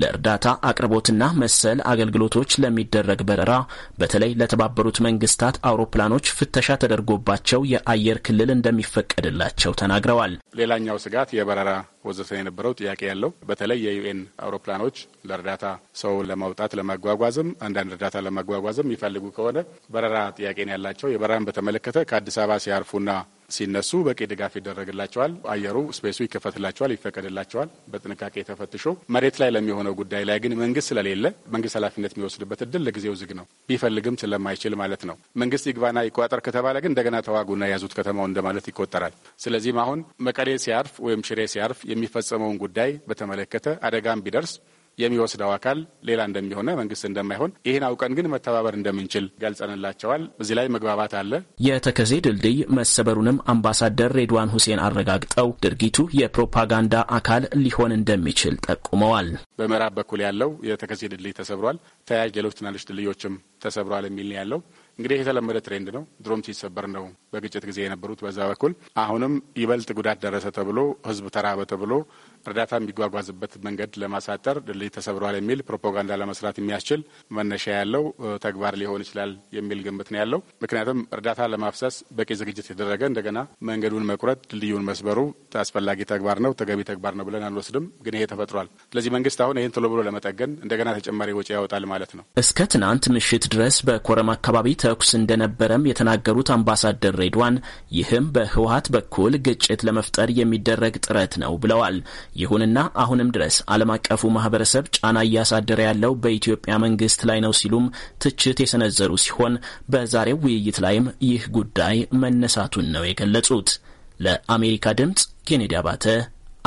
ለእርዳታ አቅርቦትና መሰል አገልግሎቶች ለሚደረግ በረራ በተለይ ለተባበሩት መንግስታት አውሮፕላኖች ፍተሻ ተደርጎባቸው የአየር ክልል እንደሚፈቀድላቸው ተናግረዋል። ሌላኛው ስጋት የበረራ ወዘተ የነበረው ጥያቄ ያለው በተለይ የዩኤን አውሮፕላኖች ለእርዳታ ሰው ለማውጣት ለማጓጓዝም አንዳንድ እርዳታ ለማጓጓዝም የሚፈልጉ ከሆነ በረራ ጥያቄን ያላቸው የበረራን በተመለከተ ከአዲስ አበባ ሲያርፉና ሲነሱ በቂ ድጋፍ ይደረግላቸዋል። አየሩ ስፔሱ ይከፈትላቸዋል፣ ይፈቀድላቸዋል። በጥንቃቄ ተፈትሾ መሬት ላይ ለሚሆነው ጉዳይ ላይ ግን መንግስት ስለሌለ መንግስት ኃላፊነት የሚወስድበት እድል ለጊዜው ዝግ ነው፣ ቢፈልግም ስለማይችል ማለት ነው። መንግስት ይግባና ይቆጣጠር ከተባለ ግን እንደገና ተዋጉና የያዙት ከተማው እንደማለት ይቆጠራል። ስለዚህም አሁን መቀሌ ሲያርፍ ወይም ሽሬ ሲያርፍ የሚፈጸመውን ጉዳይ በተመለከተ አደጋም ቢደርስ የሚወስደው አካል ሌላ እንደሚሆነ መንግስት እንደማይሆን ይህን አውቀን ግን መተባበር እንደምንችል ገልጸንላቸዋል። እዚህ ላይ መግባባት አለ። የተከዜ ድልድይ መሰበሩንም አምባሳደር ሬድዋን ሁሴን አረጋግጠው ድርጊቱ የፕሮፓጋንዳ አካል ሊሆን እንደሚችል ጠቁመዋል። በምዕራብ በኩል ያለው የተከዜ ድልድይ ተሰብሯል። ተያያዥ ሌሎች ትናንሽ ድልድዮችም ተሰብሯል የሚል ያለው እንግዲህ የተለመደ ትሬንድ ነው። ድሮም ሲሰበር ነው በግጭት ጊዜ የነበሩት በዛ በኩል አሁንም ይበልጥ ጉዳት ደረሰ ተብሎ ህዝብ ተራበ ተብሎ እርዳታ የሚጓጓዝበት መንገድ ለማሳጠር ድልድይ ተሰብረዋል የሚል ፕሮፓጋንዳ ለመስራት የሚያስችል መነሻ ያለው ተግባር ሊሆን ይችላል የሚል ግምት ነው ያለው። ምክንያቱም እርዳታ ለማፍሰስ በቂ ዝግጅት የተደረገ እንደገና መንገዱን መቁረጥ፣ ድልድዩን መስበሩ አስፈላጊ ተግባር ነው፣ ተገቢ ተግባር ነው ብለን አንወስድም። ግን ይሄ ተፈጥሯል። ስለዚህ መንግስት አሁን ይህን ቶሎ ብሎ ለመጠገን እንደገና ተጨማሪ ወጪ ያወጣል ማለት ነው። እስከ ትናንት ምሽት ድረስ በኮረም አካባቢ ተኩስ እንደነበረም የተናገሩት አምባሳደር ሬድዋን ይህም በህወሀት በኩል ግጭት ለመፍጠር የሚደረግ ጥረት ነው ብለዋል። ይሁንና አሁንም ድረስ ዓለም አቀፉ ማህበረሰብ ጫና እያሳደረ ያለው በኢትዮጵያ መንግስት ላይ ነው ሲሉም ትችት የሰነዘሩ ሲሆን በዛሬው ውይይት ላይም ይህ ጉዳይ መነሳቱን ነው የገለጹት። ለአሜሪካ ድምፅ ኬኔዲ አባተ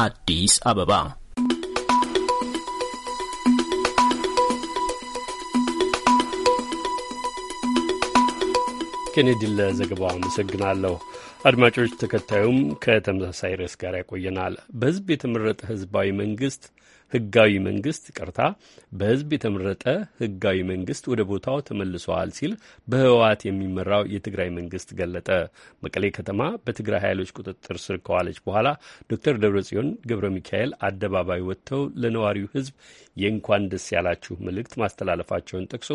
አዲስ አበባ። ኬኔዲ ለዘገባው አመሰግናለሁ። አድማጮች፣ ተከታዩም ከተመሳሳይ ርዕስ ጋር ያቆየናል። በህዝብ የተመረጠ ህዝባዊ መንግስት ህጋዊ መንግስት ቅርታ በህዝብ የተመረጠ ህጋዊ መንግስት ወደ ቦታው ተመልሰዋል ሲል በህወሓት የሚመራው የትግራይ መንግስት ገለጠ። መቀሌ ከተማ በትግራይ ኃይሎች ቁጥጥር ስር ከዋለች በኋላ ዶክተር ደብረጽዮን ገብረ ሚካኤል አደባባይ ወጥተው ለነዋሪው ህዝብ የእንኳን ደስ ያላችሁ መልእክት ማስተላለፋቸውን ጠቅሶ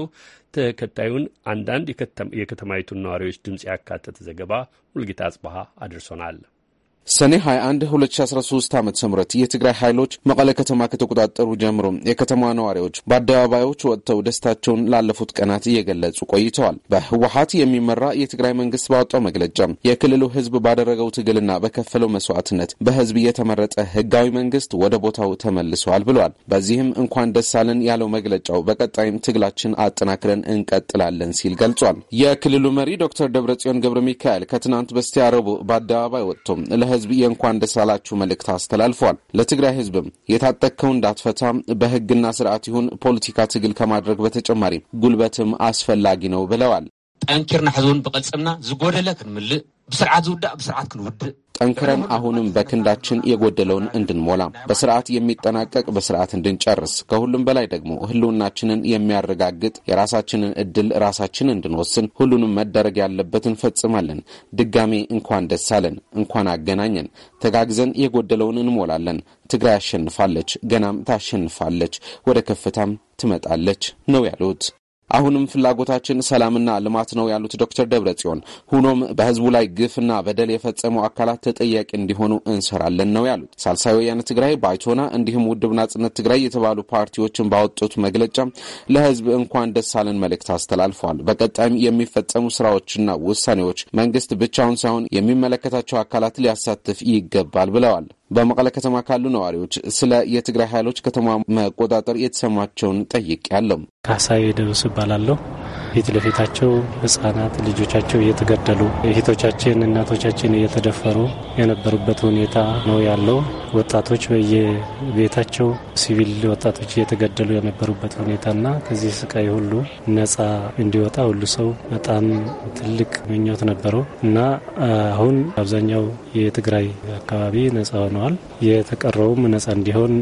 ተከታዩን አንዳንድ የከተማይቱን ነዋሪዎች ድምፅ ያካተተ ዘገባ ሙልጌታ አጽበሃ አድርሶናል። ሰኔ 21 2013 ዓ ም የትግራይ ኃይሎች መቀለ ከተማ ከተቆጣጠሩ ጀምሮ የከተማ ነዋሪዎች በአደባባዮች ወጥተው ደስታቸውን ላለፉት ቀናት እየገለጹ ቆይተዋል። በህወሀት የሚመራ የትግራይ መንግስት ባወጣው መግለጫ የክልሉ ህዝብ ባደረገው ትግልና በከፈለው መስዋዕትነት በህዝብ የተመረጠ ህጋዊ መንግስት ወደ ቦታው ተመልሰዋል ብለዋል። በዚህም እንኳን ደስ አለን ያለው መግለጫው በቀጣይም ትግላችን አጠናክረን እንቀጥላለን ሲል ገልጿል። የክልሉ መሪ ዶክተር ደብረጽዮን ገብረ ሚካኤል ከትናንት በስቲያ ረቡዕ በአደባባይ ወጥቶ ህዝብ የእንኳን ደስ አላችሁ መልእክት አስተላልፏል። ለትግራይ ህዝብም የታጠቅከው እንዳትፈታ በህግና ስርዓት ይሁን ፖለቲካ ትግል ከማድረግ በተጨማሪ ጉልበትም አስፈላጊ ነው ብለዋል። ጠንኪርና ሕዝቡን ብቐልጽምና ዝጎደለ ክንምልእ ብስርዓት ዝውዳእ ብስርዓት ክንውድእ ጠንክረን አሁንም በክንዳችን የጎደለውን እንድንሞላ በስርዓት የሚጠናቀቅ በስርዓት እንድንጨርስ ከሁሉም በላይ ደግሞ ህልውናችንን የሚያረጋግጥ የራሳችንን እድል ራሳችን እንድንወስን ሁሉንም መደረግ ያለበት እንፈጽማለን። ድጋሜ እንኳን ደስ አለን፣ እንኳን አገናኘን። ተጋግዘን የጎደለውን እንሞላለን። ትግራይ አሸንፋለች፣ ገናም ታሸንፋለች፣ ወደ ከፍታም ትመጣለች ነው ያሉት። አሁንም ፍላጎታችን ሰላምና ልማት ነው ያሉት ዶክተር ደብረ ጽዮን ሁኖም በህዝቡ ላይ ግፍና በደል የፈጸሙ አካላት ተጠያቂ እንዲሆኑ እንሰራለን ነው ያሉት። ሳልሳይ ወያነ ትግራይ፣ ባይቶና እንዲሁም ውድብ ናጽነት ትግራይ የተባሉ ፓርቲዎችን ባወጡት መግለጫ ለህዝብ እንኳን ደስ አለን መልእክት አስተላልፏል። በቀጣይም የሚፈጸሙ ስራዎችና ውሳኔዎች መንግስት ብቻውን ሳይሆን የሚመለከታቸው አካላት ሊያሳትፍ ይገባል ብለዋል። በመቀለ ከተማ ካሉ ነዋሪዎች ስለ የትግራይ ኃይሎች ከተማ መቆጣጠር የተሰማቸውን ያለው ካሳ የደረሱ እባላለሁ። ፊት ለፊታቸው ህጻናት ልጆቻቸው እየተገደሉ እህቶቻችን፣ እናቶቻችን እየተደፈሩ የነበሩበት ሁኔታ ነው ያለው። ወጣቶች በየቤታቸው ሲቪል ወጣቶች እየተገደሉ የነበሩበት ሁኔታና ከዚህ ስቃይ ሁሉ ነጻ እንዲወጣ ሁሉ ሰው በጣም ትልቅ ምኞት ነበረው እና አሁን አብዛኛው የትግራይ አካባቢ ነጻ ሆነዋል። የተቀረውም ነጻ እንዲሆን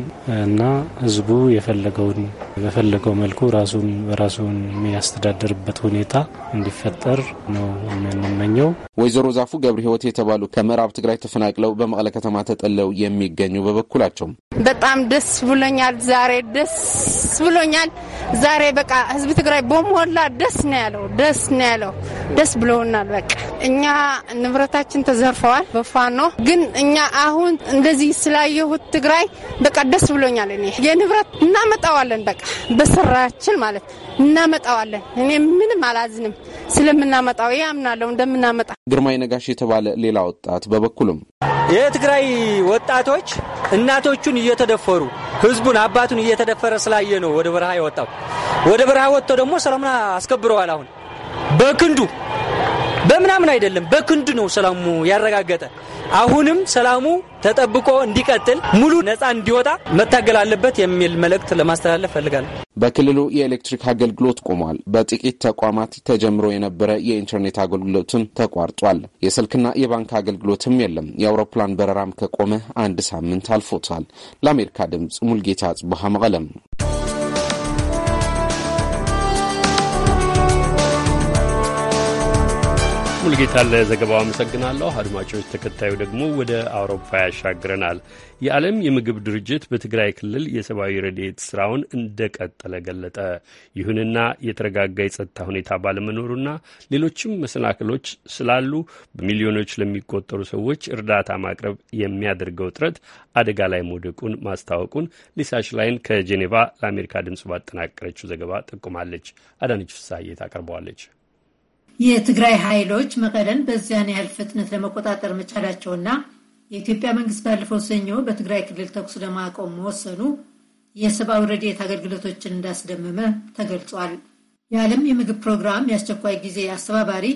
እና ህዝቡ የፈለገውን በፈለገው መልኩ ራሱን በራሱን የሚያስተዳደርበት ሁኔታ እንዲፈጠር ነው የምንመኘው። ወይዘሮ ዛፉ ገብረ ህይወት የተባሉ ከምዕራብ ትግራይ ተፈናቅለው በመቀለ ከተማ ተጠለው የሚገኙ በበኩላቸው በጣም ደስ ብሎኛል። ዛሬ ደስ ብሎኛል። ዛሬ በቃ ህዝብ ትግራይ በሞላ ደስ ነው ያለው፣ ደስ ነው ያለው። ደስ ብለውናል። በቃ እኛ ንብረታችን ተዘርፈዋል በፋኖ ግን እኛ አሁን እንደዚህ ስላየሁት ትግራይ በቃ ደስ ብሎኛል። እኔ የንብረት እናመጣዋለን፣ በቃ በስራችን ማለት እናመጣዋለን። እኔ ምንም አላዝንም ስለምናመጣው ያምናለው እንደምናመጣ። ግርማይ ነጋሽ የተባለ ሌላ ወጣት በበኩልም የትግራይ ወጣቶች እናቶቹን እየተደፈሩ ህዝቡን አባቱን እየተደፈረ ስላየ ነው ወደ በረሃ የወጣው። ወደ በረሃ ወጥቶ ደግሞ ሰላሙን አስከብረዋል። አሁን በክንዱ በምናምን አይደለም፣ በክንዱ ነው ሰላሙ ያረጋገጠ። አሁንም ሰላሙ ተጠብቆ እንዲቀጥል ሙሉ ነፃ እንዲወጣ መታገል አለበት የሚል መልእክት ለማስተላለፍ ፈልጋለሁ። በክልሉ የኤሌክትሪክ አገልግሎት ቆሟል። በጥቂት ተቋማት ተጀምሮ የነበረ የኢንተርኔት አገልግሎትም ተቋርጧል። የስልክና የባንክ አገልግሎትም የለም። የአውሮፕላን በረራም ከቆመ አንድ ሳምንት አልፎታል። ለአሜሪካ ድምፅ ሙልጌታ ጽቡሃ መቀለም ሙልጌታ ለዘገባው አመሰግናለሁ። አድማጮች፣ ተከታዩ ደግሞ ወደ አውሮፓ ያሻግረናል። የዓለም የምግብ ድርጅት በትግራይ ክልል የሰብአዊ ረድኤት ስራውን እንደቀጠለ ገለጠ። ይሁንና የተረጋጋ የጸጥታ ሁኔታ ባለመኖሩና ሌሎችም መሰናክሎች ስላሉ በሚሊዮኖች ለሚቆጠሩ ሰዎች እርዳታ ማቅረብ የሚያደርገው ጥረት አደጋ ላይ መውደቁን ማስታወቁን ሊሳሽ ላይን ከጄኔቫ ለአሜሪካ ድምፅ ባጠናቀረችው ዘገባ ጠቁማለች። አዳነች ፍሳዬ ታቀርበዋለች። የትግራይ ኃይሎች መቀለን በዚያን ያህል ፍጥነት ለመቆጣጠር መቻላቸውና የኢትዮጵያ መንግስት ባለፈው ሰኞ በትግራይ ክልል ተኩስ ለማቆም መወሰኑ የሰብአዊ ረድኤት አገልግሎቶችን እንዳስደመመ ተገልጿል። የዓለም የምግብ ፕሮግራም የአስቸኳይ ጊዜ አስተባባሪ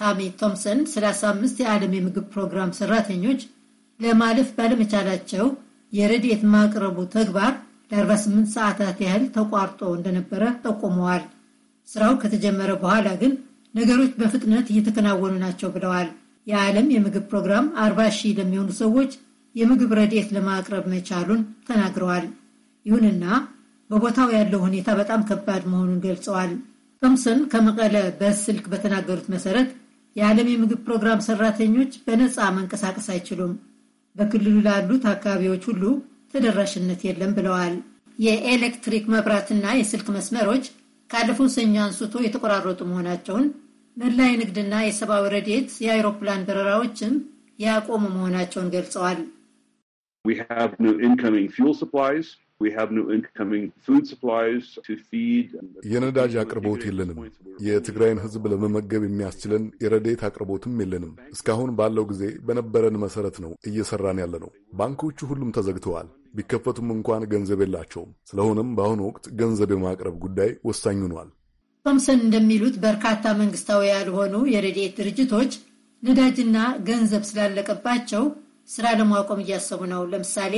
ታሚ ቶምሰን 35 የዓለም የምግብ ፕሮግራም ሰራተኞች ለማለፍ ባለመቻላቸው የረድኤት ማቅረቡ ተግባር ለ48 ሰዓታት ያህል ተቋርጦ እንደነበረ ጠቁመዋል። ስራው ከተጀመረ በኋላ ግን ነገሮች በፍጥነት እየተከናወኑ ናቸው ብለዋል። የዓለም የምግብ ፕሮግራም 40 ሺህ ለሚሆኑ ሰዎች የምግብ ረድኤት ለማቅረብ መቻሉን ተናግረዋል። ይሁንና በቦታው ያለው ሁኔታ በጣም ከባድ መሆኑን ገልጸዋል። ቶምሰን ከመቀለ በስልክ በተናገሩት መሰረት የዓለም የምግብ ፕሮግራም ሰራተኞች በነፃ መንቀሳቀስ አይችሉም። በክልሉ ላሉት አካባቢዎች ሁሉ ተደራሽነት የለም ብለዋል። የኤሌክትሪክ መብራትና የስልክ መስመሮች ካለፈው ሰኞ አንስቶ የተቆራረጡ መሆናቸውን መላ የንግድና የሰብአዊ ረድኤት የአውሮፕላን በረራዎችም ያቆሙ መሆናቸውን ገልጸዋል። የነዳጅ አቅርቦት የለንም። የትግራይን ሕዝብ ለመመገብ የሚያስችለን የረዴት አቅርቦትም የለንም። እስካሁን ባለው ጊዜ በነበረን መሰረት ነው እየሰራን ያለ ነው። ባንኮቹ ሁሉም ተዘግተዋል። ቢከፈቱም እንኳን ገንዘብ የላቸውም። ስለሆነም በአሁኑ ወቅት ገንዘብ የማቅረብ ጉዳይ ወሳኝ ሆኗል። ቶምሰን እንደሚሉት በርካታ መንግስታዊ ያልሆኑ የረድኤት ድርጅቶች ነዳጅና ገንዘብ ስላለቀባቸው ስራ ለማቆም እያሰቡ ነው። ለምሳሌ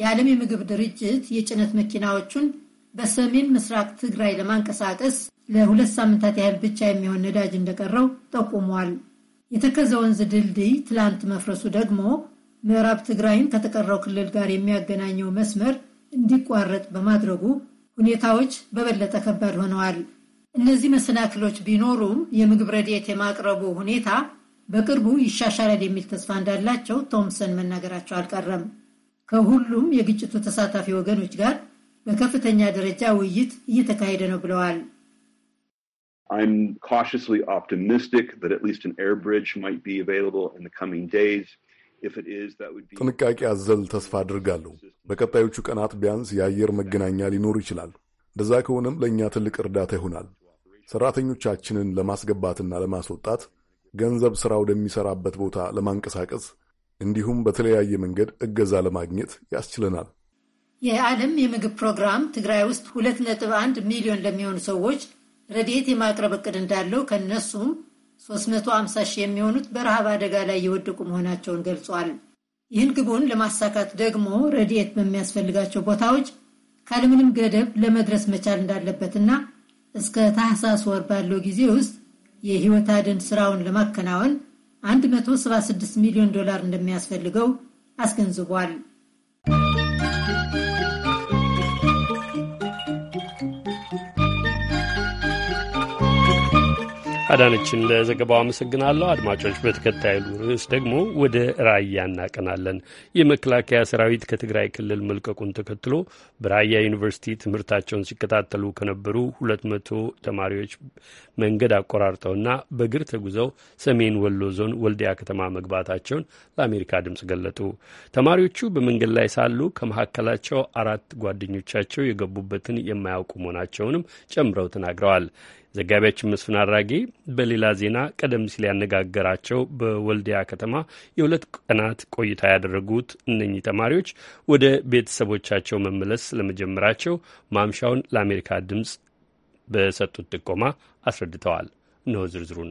የዓለም የምግብ ድርጅት የጭነት መኪናዎቹን በሰሜን ምስራቅ ትግራይ ለማንቀሳቀስ ለሁለት ሳምንታት ያህል ብቻ የሚሆን ነዳጅ እንደቀረው ጠቁሟል። የተከዘ ወንዝ ድልድይ ትላንት መፍረሱ ደግሞ ምዕራብ ትግራይን ከተቀረው ክልል ጋር የሚያገናኘው መስመር እንዲቋረጥ በማድረጉ ሁኔታዎች በበለጠ ከባድ ሆነዋል። እነዚህ መሰናክሎች ቢኖሩም የምግብ ረድኤት የማቅረቡ ሁኔታ በቅርቡ ይሻሻላል የሚል ተስፋ እንዳላቸው ቶምሰን መናገራቸው አልቀረም። ከሁሉም የግጭቱ ተሳታፊ ወገኖች ጋር በከፍተኛ ደረጃ ውይይት እየተካሄደ ነው ብለዋል። I'm cautiously optimistic that at least an air bridge might be available in the coming days. ጥንቃቄ አዘል ተስፋ አድርጋለሁ። በቀጣዮቹ ቀናት ቢያንስ የአየር መገናኛ ሊኖር ይችላል። እንደዛ ከሆነም ለእኛ ትልቅ እርዳታ ይሆናል። ሰራተኞቻችንን ለማስገባትና ለማስወጣት ገንዘብ ሥራ ወደሚሠራበት ቦታ ለማንቀሳቀስ እንዲሁም በተለያየ መንገድ እገዛ ለማግኘት ያስችለናል። የዓለም የምግብ ፕሮግራም ትግራይ ውስጥ 2.1 ሚሊዮን ለሚሆኑ ሰዎች ረድኤት የማቅረብ እቅድ እንዳለው ከነሱም 350 ሺህ የሚሆኑት በረሃብ አደጋ ላይ የወደቁ መሆናቸውን ገልጿል። ይህን ግቡን ለማሳካት ደግሞ ረድኤት በሚያስፈልጋቸው ቦታዎች ካለምንም ገደብ ለመድረስ መቻል እንዳለበትና እስከ ታህሳስ ወር ባለው ጊዜ ውስጥ የህይወት አድን ስራውን ለማከናወን 176 ሚሊዮን ዶላር እንደሚያስፈልገው አስገንዝቧል። አዳነችን ለዘገባው አመሰግናለሁ። አድማጮች፣ በተከታዩ ርዕስ ደግሞ ወደ ራያ እናቀናለን። የመከላከያ ሰራዊት ከትግራይ ክልል መልቀቁን ተከትሎ በራያ ዩኒቨርሲቲ ትምህርታቸውን ሲከታተሉ ከነበሩ ሁለት መቶ ተማሪዎች መንገድ አቆራርጠውና በእግር ተጉዘው ሰሜን ወሎ ዞን ወልዲያ ከተማ መግባታቸውን ለአሜሪካ ድምፅ ገለጡ። ተማሪዎቹ በመንገድ ላይ ሳሉ ከመካከላቸው አራት ጓደኞቻቸው የገቡበትን የማያውቁ መሆናቸውንም ጨምረው ተናግረዋል። ዘጋቢያችን መስፍን አራጌ በሌላ ዜና ቀደም ሲል ያነጋገራቸው በወልዲያ ከተማ የሁለት ቀናት ቆይታ ያደረጉት እነኚህ ተማሪዎች ወደ ቤተሰቦቻቸው መመለስ ስለመጀመራቸው ማምሻውን ለአሜሪካ ድምፅ በሰጡት ጥቆማ አስረድተዋል። እነሆ ዝርዝሩን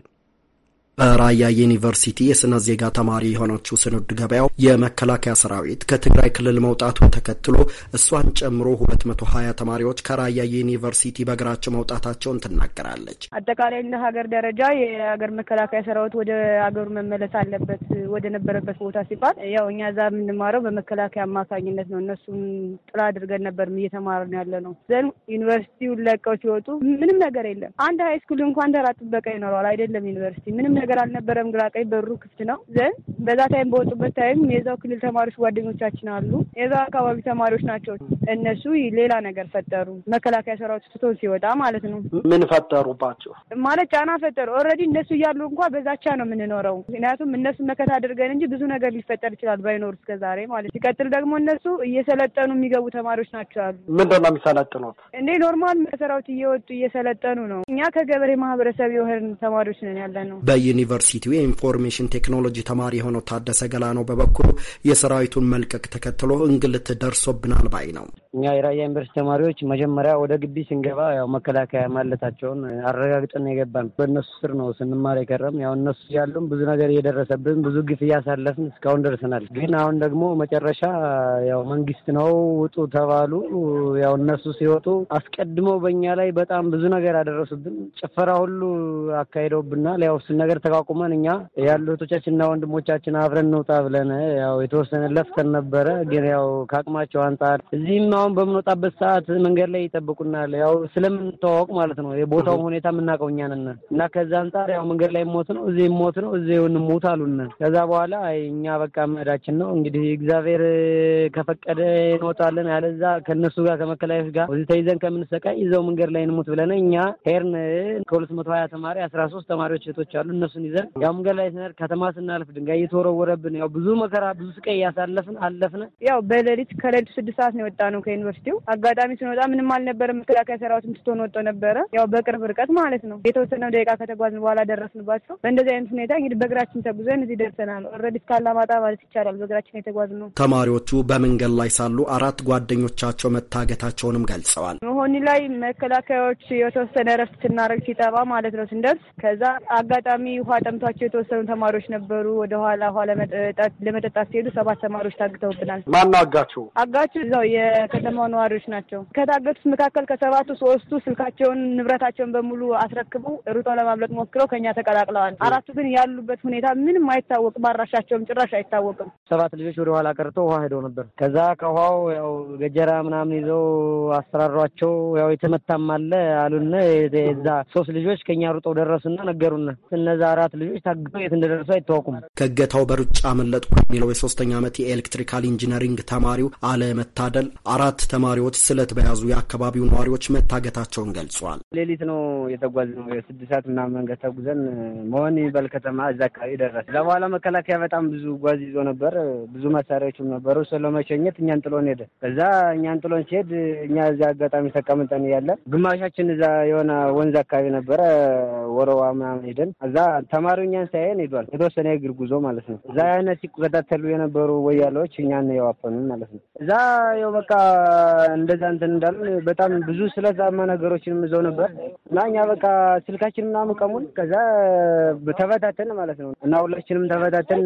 በራያ ዩኒቨርሲቲ የስነ ዜጋ ተማሪ የሆነችው ስንድ ገበያው የመከላከያ ሰራዊት ከትግራይ ክልል መውጣቱን ተከትሎ እሷን ጨምሮ ሁለት መቶ ሀያ ተማሪዎች ከራያ ዩኒቨርሲቲ በእግራቸው መውጣታቸውን ትናገራለች። አጠቃላይ እንደ ሀገር ደረጃ የሀገር መከላከያ ሰራዊት ወደ ሀገሩ መመለስ አለበት ወደ ነበረበት ቦታ ሲባል ያው እኛ እዛ የምንማረው በመከላከያ አማካኝነት ነው። እነሱን ጥላ አድርገን ነበር እየተማርን ያለ ነው። ዘን ዩኒቨርሲቲውን ለቀው ሲወጡ ምንም ነገር የለም። አንድ ሀይ ስኩል እንኳን ደራ ጥበቃ ይኖረዋል አይደለም ዩኒቨርሲቲ ምንም ነገር አልነበረም። ግራ ቀኝ በሩ ክፍት ነው። ዘን በዛ ታይም በወጡበት ታይም የዛው ክልል ተማሪዎች ጓደኞቻችን አሉ። የዛው አካባቢ ተማሪዎች ናቸው። እነሱ ሌላ ነገር ፈጠሩ። መከላከያ ሰራዊት ትቶ ሲወጣ ማለት ነው። ምን ፈጠሩባቸው ማለት ጫና ፈጠሩ። ኦልሬዲ እነሱ እያሉ እንኳ በዛቻ ነው የምንኖረው። ምክንያቱም እነሱ መከት አድርገን እንጂ ብዙ ነገር ሊፈጠር ይችላል ባይኖሩ እስከ ማለት ሲቀጥል ደግሞ እነሱ እየሰለጠኑ የሚገቡ ተማሪዎች ናቸው አሉ። ምንድን ነው የሚሰለጥኑት? እንዴ ኖርማል መሰራዊት እየወጡ እየሰለጠኑ ነው። እኛ ከገበሬ ማህበረሰብ የሆን ተማሪዎች ነን ያለ ነው። ዩኒቨርሲቲው የኢንፎርሜሽን ቴክኖሎጂ ተማሪ የሆነው ታደሰ ገላ ነው በበኩሉ የሰራዊቱን መልቀቅ ተከትሎ እንግልት ደርሶብናል ባይ ነው። እኛ የራያ ዩኒቨርስቲ ተማሪዎች መጀመሪያ ወደ ግቢ ስንገባ ያው መከላከያ ማለታቸውን አረጋግጠን የገባን በእነሱ ስር ነው ስንማር የከረም ያው እነሱ ያሉም ብዙ ነገር እየደረሰብን ብዙ ግፍ እያሳለፍን እስካሁን ደርሰናል። ግን አሁን ደግሞ መጨረሻ ያው መንግስት ነው ውጡ ተባሉ። ያው እነሱ ሲወጡ አስቀድሞ በእኛ ላይ በጣም ብዙ ነገር አደረሱብን። ጭፈራ ሁሉ አካሄደውብናል። ያው እሱን ነገር ተቋቁመን እኛ ያሉ እህቶቻችንና ወንድሞቻችን አብረን እንውጣ ብለን ያው የተወሰነ ለፍተን ነበረ። ግን ያው ከአቅማቸው አንጻር እዚህም አሁን በምንወጣበት ሰዓት መንገድ ላይ ይጠብቁናል። ያው ስለምንተዋወቅ ማለት ነው። የቦታውን ሁኔታ የምናውቀው እኛ እና ከዛ አንጻር ያው መንገድ ላይ ሞት ነው፣ እዚህ ሞት ነው፣ እዚህ እንሙት አሉን። ከዛ በኋላ እኛ በቃ መዳችን ነው እንግዲህ እግዚአብሔር ከፈቀደ እንወጣለን፣ ያለዛ ከእነሱ ጋር ከመከላዮች ጋር እዚህ ተይዘን ከምንሰቃይ ይዘው መንገድ ላይ እንሙት ብለን እኛ ሄርን። ከሁለት መቶ ሀያ ተማሪ አስራ ሶስት ተማሪዎች እህቶች አሉ። እነሱን ይዘን ያው መንገድ ላይ ስነር ከተማ ስናልፍ ድንጋይ እየተወረወረብን ያው ብዙ መከራ ብዙ ስቃይ እያሳለፍን አለፍን። ያው በሌሊት ከሌሊቱ ስድስት ሰዓት ነው የወጣ ነው ከዩኒቨርሲቲው አጋጣሚ ስንወጣ ምንም አልነበረ። መከላከያ ሰራዊት ምስትሆን ወጥቶ ነበረ። ያው በቅርብ ርቀት ማለት ነው። የተወሰነው ደቂቃ ከተጓዝን በኋላ ደረስንባቸው። በእንደዚህ አይነት ሁኔታ እንግዲህ በእግራችን ተጉዘን እዚህ ደርሰናል። ኦልሬዲ እስከ አላማጣ ማለት ይቻላል በእግራችን የተጓዝነው። ተማሪዎቹ በመንገድ ላይ ሳሉ አራት ጓደኞቻቸው መታገታቸውንም ገልጸዋል። መሆኒ ላይ መከላከያዎች የተወሰነ እረፍት ስናደርግ ሲጠባ ማለት ነው ስንደርስ ከዛ አጋጣሚ ውሃ ጠምቷቸው የተወሰኑ ተማሪዎች ነበሩ። ወደኋላ ውሃ ለመጠጣት ሲሄዱ ሰባት ተማሪዎች ታግተውብናል። ማን አጋችሁ? አጋችሁ እዛው የከተማው ነዋሪዎች ናቸው። ከታገቱት መካከል ከሰባቱ ሶስቱ ስልካቸውን፣ ንብረታቸውን በሙሉ አስረክበው ሩጠው ለማምለጥ ሞክረው ከኛ ተቀላቅለዋል። አራቱ ግን ያሉበት ሁኔታ ምንም አይታወቅም። ባራሻቸውም ጭራሽ አይታወቅም። ሰባት ልጆች ወደ ኋላ ቀርቶ ውሃ ሄደው ነበር። ከዛ ከውሃው ያው ገጀራ ምናምን ይዘው አሰራሯቸው። ያው የተመታም አለ አሉና ሶስት ልጆች ከኛ ሩጠው ደረሱና ነገሩና እነዛ አራት ልጆች ታግተው የት እንደደረሱ አይታወቁም። ከእገታው በሩጫ አመለጥኩ የሚለው የሶስተኛ ዓመት የኤሌክትሪካል ኢንጂነሪንግ ተማሪው አለመታደል አራ አራት ተማሪዎች ስለት በያዙ የአካባቢው ነዋሪዎች መታገታቸውን ገልጿል። ሌሊት ነው የተጓዝነው። የስድስት ሰዓት ምናምን መንገድ ተጉዘን መሆን ይበል ከተማ እዛ አካባቢ ደረስ። እዛ በኋላ መከላከያ በጣም ብዙ ጓዝ ይዞ ነበር። ብዙ መሳሪያዎችም ነበሩ። ስለመሸኘት እኛን ጥሎን ሄደ። ከዛ እኛን ጥሎን ሲሄድ እኛ እዚ አጋጣሚ ተቀምጠን ያለ ግማሻችን እዛ የሆነ ወንዝ አካባቢ ነበረ ወረዋ ምናምን ሄደን እዛ ተማሪው እኛን ሳያየን ሄዷል። የተወሰነ የእግር ጉዞ ማለት ነው። እዛ አይነት ሲቆጣተሉ የነበሩ ወያሎች እኛን የዋፈኑን ማለት ነው። እዛ የው በቃ እንደዛ እንትን እንዳሉ በጣም ብዙ ስለዛማ ነገሮችን ምዘው ነበር እና እኛ በቃ ስልካችን ምናምን ቀሙን። ከዛ ተፈታተን ማለት ነው እና ሁላችንም ተፈታተን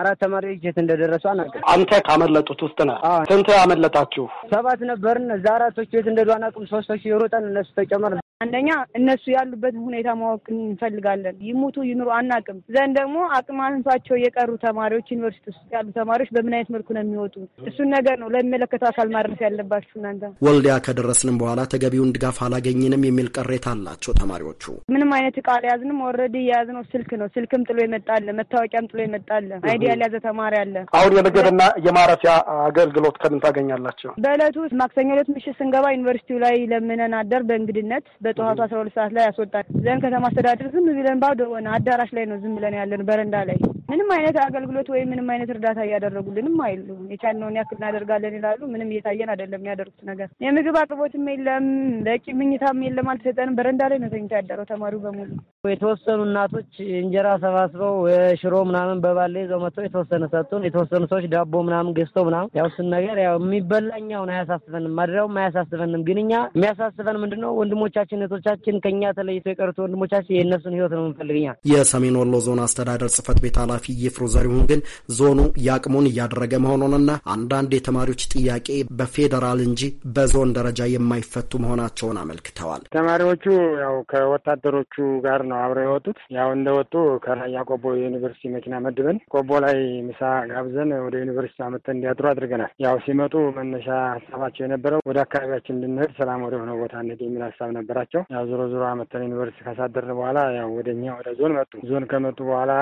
አራት ተማሪዎች የት እንደደረሱ አናውቅም። አንተ ካመለጡት ውስጥ ነህ። ስንት አመለጣችሁ? ሰባት ነበርን። እዛ አራቶች የት እንደዱ አናውቅም። ሶስቶች የሮጠን እነሱ ተጨመር አንደኛ እነሱ ያሉበትን ሁኔታ ማወቅ እንፈልጋለን። ይሙቱ ይኑሩ አናቅም። ዘንድ ደግሞ አቅም አንሷቸው የቀሩ ተማሪዎች ዩኒቨርሲቲ ውስጥ ያሉ ተማሪዎች በምን አይነት መልኩ ነው የሚወጡ? እሱን ነገር ነው ለሚመለከተው አካል ማድረስ ያለባችሁ እናንተ። ወልዲያ ከደረስንም በኋላ ተገቢውን ድጋፍ አላገኝንም የሚል ቅሬታ አላቸው ተማሪዎቹ። ምንም አይነት እቃ አልያዝንም። ኦልሬዲ የያዝነው ስልክ ነው። ስልክም ጥሎ ይመጣለ፣ መታወቂያም ጥሎ ይመጣለ። አይዲ ያልያዘ ተማሪ አለ። አሁን የምግብና የማረፊያ አገልግሎት ከምን ታገኛላቸው? በእለቱ ማክሰኞ ዕለት ምሽት ስንገባ ዩኒቨርሲቲው ላይ ለምነን አደር በእንግድነት በጠዋቱ አስራ ሁለት ሰዓት ላይ ያስወጣል ዘንድ ከተማ አስተዳደር ዝም ብለን ባዶ ሆነ። አዳራሽ ላይ ነው ዝም ብለን ያለን በረንዳ ላይ ምንም አይነት አገልግሎት ወይም ምንም አይነት እርዳታ እያደረጉልንም አይሉ የቻልነውን ያክል እናደርጋለን ይላሉ። ምንም እየታየን አይደለም የሚያደርጉት ነገር። የምግብ አቅርቦትም የለም፣ በቂ ምኝታም የለም፣ አልተሰጠንም። በረንዳ ላይ ነው ተኝቶ ያደረው ተማሪው በሙሉ የተወሰኑ እናቶች እንጀራ ሰባስበው ሽሮ ምናምን በባለ ይዘው መጥተው የተወሰነ ሰጡን። የተወሰኑ ሰዎች ዳቦ ምናምን ገዝተው ምናምን ያው እሱን ነገር ያው የሚበላኛውን አያሳስበንም፣ ማድሪያውም አያሳስበንም። ግን እኛ የሚያሳስበን ምንድን ነው ወንድሞቻችን እህቶቻችን ከእኛ ተለይቶ የቀሩት ወንድሞቻችን የእነሱን ህይወት ነው የምንፈልግኛ። የሰሜን ወሎ ዞን አስተዳደር ጽህፈት ቤት ኃላፊ ይፍሩ ዘሪሁን ግን ዞኑ የአቅሙን እያደረገ መሆኑንና አንዳንድ የተማሪዎች ጥያቄ በፌዴራል እንጂ በዞን ደረጃ የማይፈቱ መሆናቸውን አመልክተዋል። ተማሪዎቹ ያው ከወታደሮቹ ጋር ነው አብረው የወጡት። ያው እንደወጡ ከራያ ቆቦ ዩኒቨርሲቲ መኪና መድበን ቆቦ ላይ ምሳ ጋብዘን ወደ ዩኒቨርሲቲ አመተን እንዲያድሩ አድርገናል። ያው ሲመጡ መነሻ ሀሳባቸው የነበረው ወደ አካባቢያችን እንድንሄድ ሰላም ወደ ሆነ ቦታ እንሂድ የሚል ሀሳብ ነበራቸው። ያው ዞሮ ዞሮ አመተን ዩኒቨርሲቲ ካሳደርን በኋላ ያው ወደ እኛ ወደ ዞን መጡ። ዞን ከመጡ በኋላ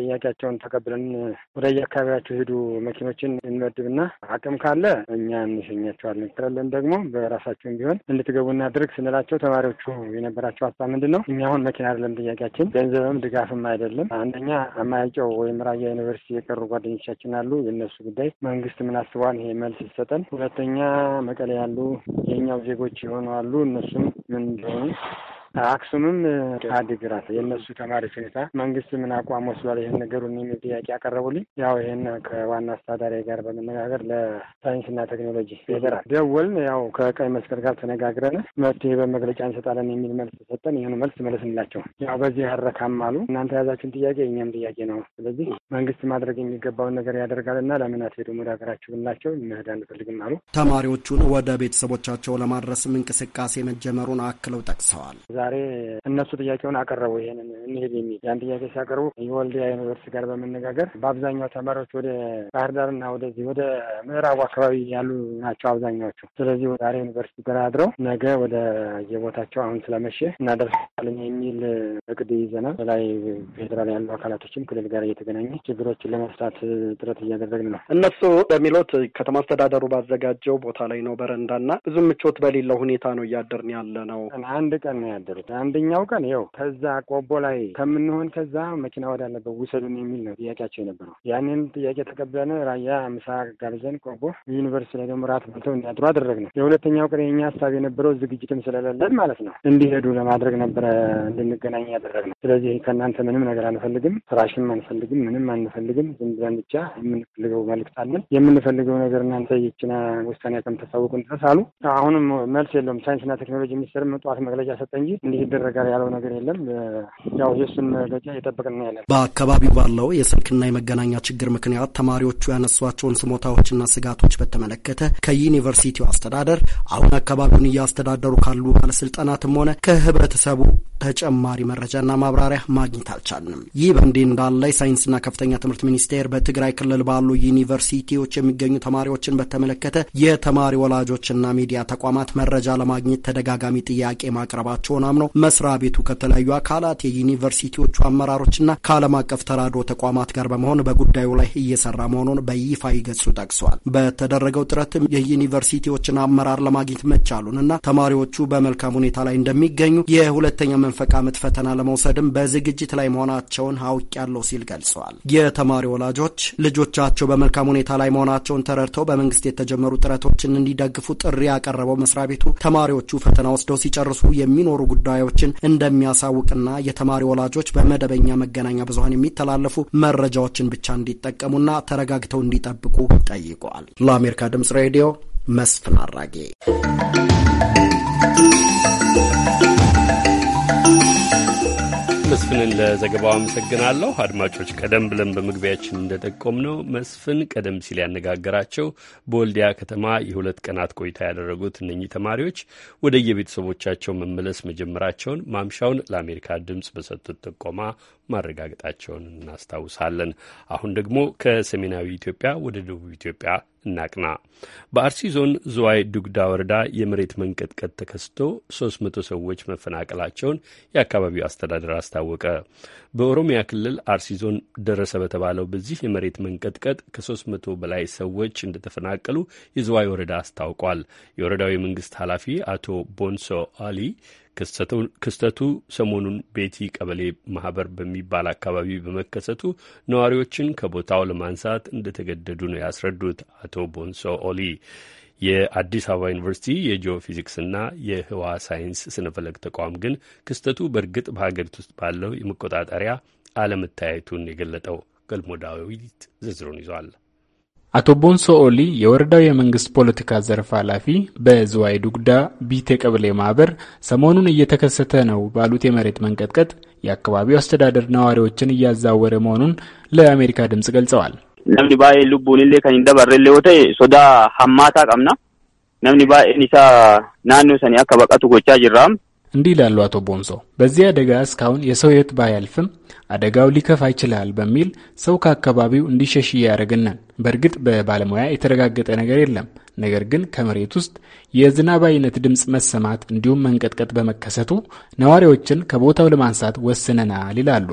ጥያቄያቸውን ተቀብለን ወደ የአካባቢያቸው ሄዱ መኪኖችን እንመድብና አቅም ካለ እኛ እንሸኛቸዋለን፣ ክለለን ደግሞ በራሳችሁም ቢሆን እንድትገቡ እናድርግ ስንላቸው ተማሪዎቹ የነበራቸው ሀሳብ ምንድን ነው እኛ አሁን መኪና አይደለም አይደለም ጥያቄያችን፣ ገንዘብም ድጋፍም አይደለም። አንደኛ አማያጨው ወይም ራያ ዩኒቨርሲቲ የቀሩ ጓደኞቻችን አሉ። የእነሱ ጉዳይ መንግስት ምን አስቧል? ይሄ መልስ ይሰጠን። ሁለተኛ መቀሌ ያሉ የኛው ዜጎች የሆኑ አሉ። እነሱም ምን እንደሆኑ አክሱምም አዲግራት የእነሱ ተማሪዎች ሁኔታ መንግስት ምን አቋም ወስዷል? ይህን ነገሩን የሚል ጥያቄ ያቀረቡልኝ ያው ይህን ከዋና አስተዳዳሪ ጋር በመነጋገር ለሳይንስና ቴክኖሎጂ ፌዴራል ደወልን። ያው ከቀይ መስቀል ጋር ተነጋግረን መፍትሄ በመግለጫ እንሰጣለን የሚል መልስ ተሰጠን። ይህኑ መልስ መለስንላቸው። ያው በዚህ ያረካም አሉ። እናንተ የያዛችሁን ጥያቄ እኛም ጥያቄ ነው። ስለዚህ መንግስት ማድረግ የሚገባውን ነገር ያደርጋልና ለምን አትሄዱም ወደ ሀገራችሁ ብላቸው መሄድ አንፈልግም አሉ። ተማሪዎቹን ወደ ቤተሰቦቻቸው ለማድረስም እንቅስቃሴ መጀመሩን አክለው ጠቅሰዋል። ዛሬ እነሱ ጥያቄውን አቀረቡ። ይሄንን እንሄድ የሚል ያን ጥያቄ ሲያቀርቡ የወልዲያ ዩኒቨርሲቲ ጋር በመነጋገር በአብዛኛው ተማሪዎች ወደ ባህር ዳርና ወደዚህ ወደ ምዕራቡ አካባቢ ያሉ ናቸው አብዛኛዎቹ። ስለዚህ ዛሬ ዩኒቨርሲቲ ተደራድረው ነገ ወደ የቦታቸው አሁን ስለመሸ እናደርሳለን የሚል እቅድ ይዘናል። በላይ ፌዴራል ያሉ አካላቶችም ክልል ጋር እየተገናኘ ችግሮችን ለመፍታት ጥረት እያደረግን ነው። እነሱ በሚሉት ከተማ አስተዳደሩ ባዘጋጀው ቦታ ላይ ነው በረንዳና ብዙ ምቾት በሌለው ሁኔታ ነው እያደርን ያለ ነው። አንድ ቀን ነው ያደ የተገደሉት። አንደኛው ቀን ይኸው ከዛ ቆቦ ላይ ከምንሆን ከዛ መኪና ወዳለበት ውሰዱን የሚል ነው ጥያቄያቸው የነበረው። ያንን ጥያቄ ተቀብለን ራያ ምሳ ጋብዘን ቆቦ ዩኒቨርሲቲ ላይ ደግሞ ራት በልተው እንዲያድሩ አደረግነው። የሁለተኛው ቀን የኛ ሀሳብ የነበረው ዝግጅትም ስለሌለን ማለት ነው እንዲሄዱ ለማድረግ ነበረ እንድንገናኝ ያደረግነው። ስለዚህ ከእናንተ ምንም ነገር አንፈልግም፣ ፍራሽም አንፈልግም፣ ምንም አንፈልግም። ዝም ብለን ብቻ የምንፈልገው መልዕክት አለን የምንፈልገው ነገር እናንተ ይችና ውሳኔ ከምታሳውቁን ድረስ አሉ። አሁንም መልስ የለውም። ሳይንስና ቴክኖሎጂ ሚኒስቴርም ጠዋት መግለጫ ሰጠ እንጂ እንዲህ ይደረጋል ያለው ነገር የለም። ያው የእሱን መረጃ እየጠበቅን ነው ያለን። በአካባቢው ባለው የስልክና የመገናኛ ችግር ምክንያት ተማሪዎቹ ያነሷቸውን ስሞታዎችና ስጋቶች በተመለከተ ከዩኒቨርሲቲው አስተዳደር አሁን አካባቢውን እያስተዳደሩ ካሉ ባለስልጣናትም ሆነ ከህብረተሰቡ ተጨማሪ መረጃና ማብራሪያ ማግኘት አልቻልንም። ይህ በእንዲህ እንዳለ የሳይንስና ከፍተኛ ትምህርት ሚኒስቴር በትግራይ ክልል ባሉ ዩኒቨርሲቲዎች የሚገኙ ተማሪዎችን በተመለከተ የተማሪ ወላጆችና ሚዲያ ተቋማት መረጃ ለማግኘት ተደጋጋሚ ጥያቄ ማቅረባቸውን አምኖ መስሪያ ቤቱ ከተለያዩ አካላት የዩኒቨርሲቲዎቹ አመራሮችና ከዓለም አቀፍ ተራድኦ ተቋማት ጋር በመሆን በጉዳዩ ላይ እየሰራ መሆኑን በይፋ ይገጹ ጠቅሷል። በተደረገው ጥረትም የዩኒቨርሲቲዎችን አመራር ለማግኘት መቻሉን እና ተማሪዎቹ በመልካም ሁኔታ ላይ እንደሚገኙ የሁለተኛ የመንፈቃምት ፈተና ለመውሰድም በዝግጅት ላይ መሆናቸውን አውቄያለሁ ሲል ገልጸዋል። የተማሪ ወላጆች ልጆቻቸው በመልካም ሁኔታ ላይ መሆናቸውን ተረድተው በመንግስት የተጀመሩ ጥረቶችን እንዲደግፉ ጥሪ ያቀረበው መስሪያ ቤቱ ተማሪዎቹ ፈተና ወስደው ሲጨርሱ የሚኖሩ ጉዳዮችን እንደሚያሳውቅና የተማሪ ወላጆች በመደበኛ መገናኛ ብዙሀን የሚተላለፉ መረጃዎችን ብቻ እንዲጠቀሙና ተረጋግተው እንዲጠብቁ ጠይቋል። ለአሜሪካ ድምጽ ሬዲዮ መስፍን አራጌ መስፍንን ለዘገባው አመሰግናለሁ። አድማጮች፣ ቀደም ብለን በመግቢያችን እንደጠቆም ነው መስፍን ቀደም ሲል ያነጋገራቸው በወልዲያ ከተማ የሁለት ቀናት ቆይታ ያደረጉት እነኚህ ተማሪዎች ወደ የቤተሰቦቻቸው መመለስ መጀመራቸውን ማምሻውን ለአሜሪካ ድምፅ በሰጡት ጥቆማ ማረጋገጣቸውን እናስታውሳለን። አሁን ደግሞ ከሰሜናዊ ኢትዮጵያ ወደ ደቡብ ኢትዮጵያ እናቅና። በአርሲ ዞን ዝዋይ ዱግዳ ወረዳ የመሬት መንቀጥቀጥ ተከስቶ 300 ሰዎች መፈናቀላቸውን የአካባቢው አስተዳደር አስታወቀ። በኦሮሚያ ክልል አርሲ ዞን ደረሰ በተባለው በዚህ የመሬት መንቀጥቀጥ ከ300 በላይ ሰዎች እንደተፈናቀሉ የዝዋይ ወረዳ አስታውቋል። የወረዳዊ መንግስት ኃላፊ አቶ ቦንሶ አሊ ክስተቱ ሰሞኑን ቤቲ ቀበሌ ማህበር በሚባል አካባቢ በመከሰቱ ነዋሪዎችን ከቦታው ለማንሳት እንደተገደዱ ነው ያስረዱት አቶ ቦንሶ ኦሊ። የአዲስ አበባ ዩኒቨርሲቲ የጂኦ ፊዚክስና የህዋ ሳይንስ ስነፈለግ ተቋም ግን ክስተቱ በእርግጥ በሀገሪቱ ውስጥ ባለው የመቆጣጠሪያ አለመታየቱን የገለጠው ገልሞ ዳዊት ዝርዝሩን ይዟል። አቶ ቦንሶ ኦሊ የወረዳው የመንግስት ፖለቲካ ዘርፍ ኃላፊ በዝዋይ ዱጉዳ ቢቴ ቀበሌ ማህበር ሰሞኑን እየተከሰተ ነው ባሉት የመሬት መንቀጥቀጥ የአካባቢው አስተዳደር ነዋሪዎችን እያዛወረ መሆኑን ለአሜሪካ ድምጽ ገልጸዋል። ነምኒ ባኤ ልቡን ሌ ከን ደበረ ሌወተ ሶዳ ሀማታ ቀምና ነምኒ ባኤን ኒሳ ናኖ ሰኒ አካ በቃቱ ጎቻ ጅራም እንዲህ ይላሉ አቶ ቦንሶ። በዚህ አደጋ እስካሁን የሰው ሕይወት ባያልፍም አደጋው ሊከፋ ይችላል በሚል ሰው ከአካባቢው እንዲሸሽ እያደረግን ነን። በእርግጥ በባለሙያ የተረጋገጠ ነገር የለም። ነገር ግን ከመሬት ውስጥ የዝናብ አይነት ድምፅ መሰማት እንዲሁም መንቀጥቀጥ በመከሰቱ ነዋሪዎችን ከቦታው ለማንሳት ወስነናል ይላሉ።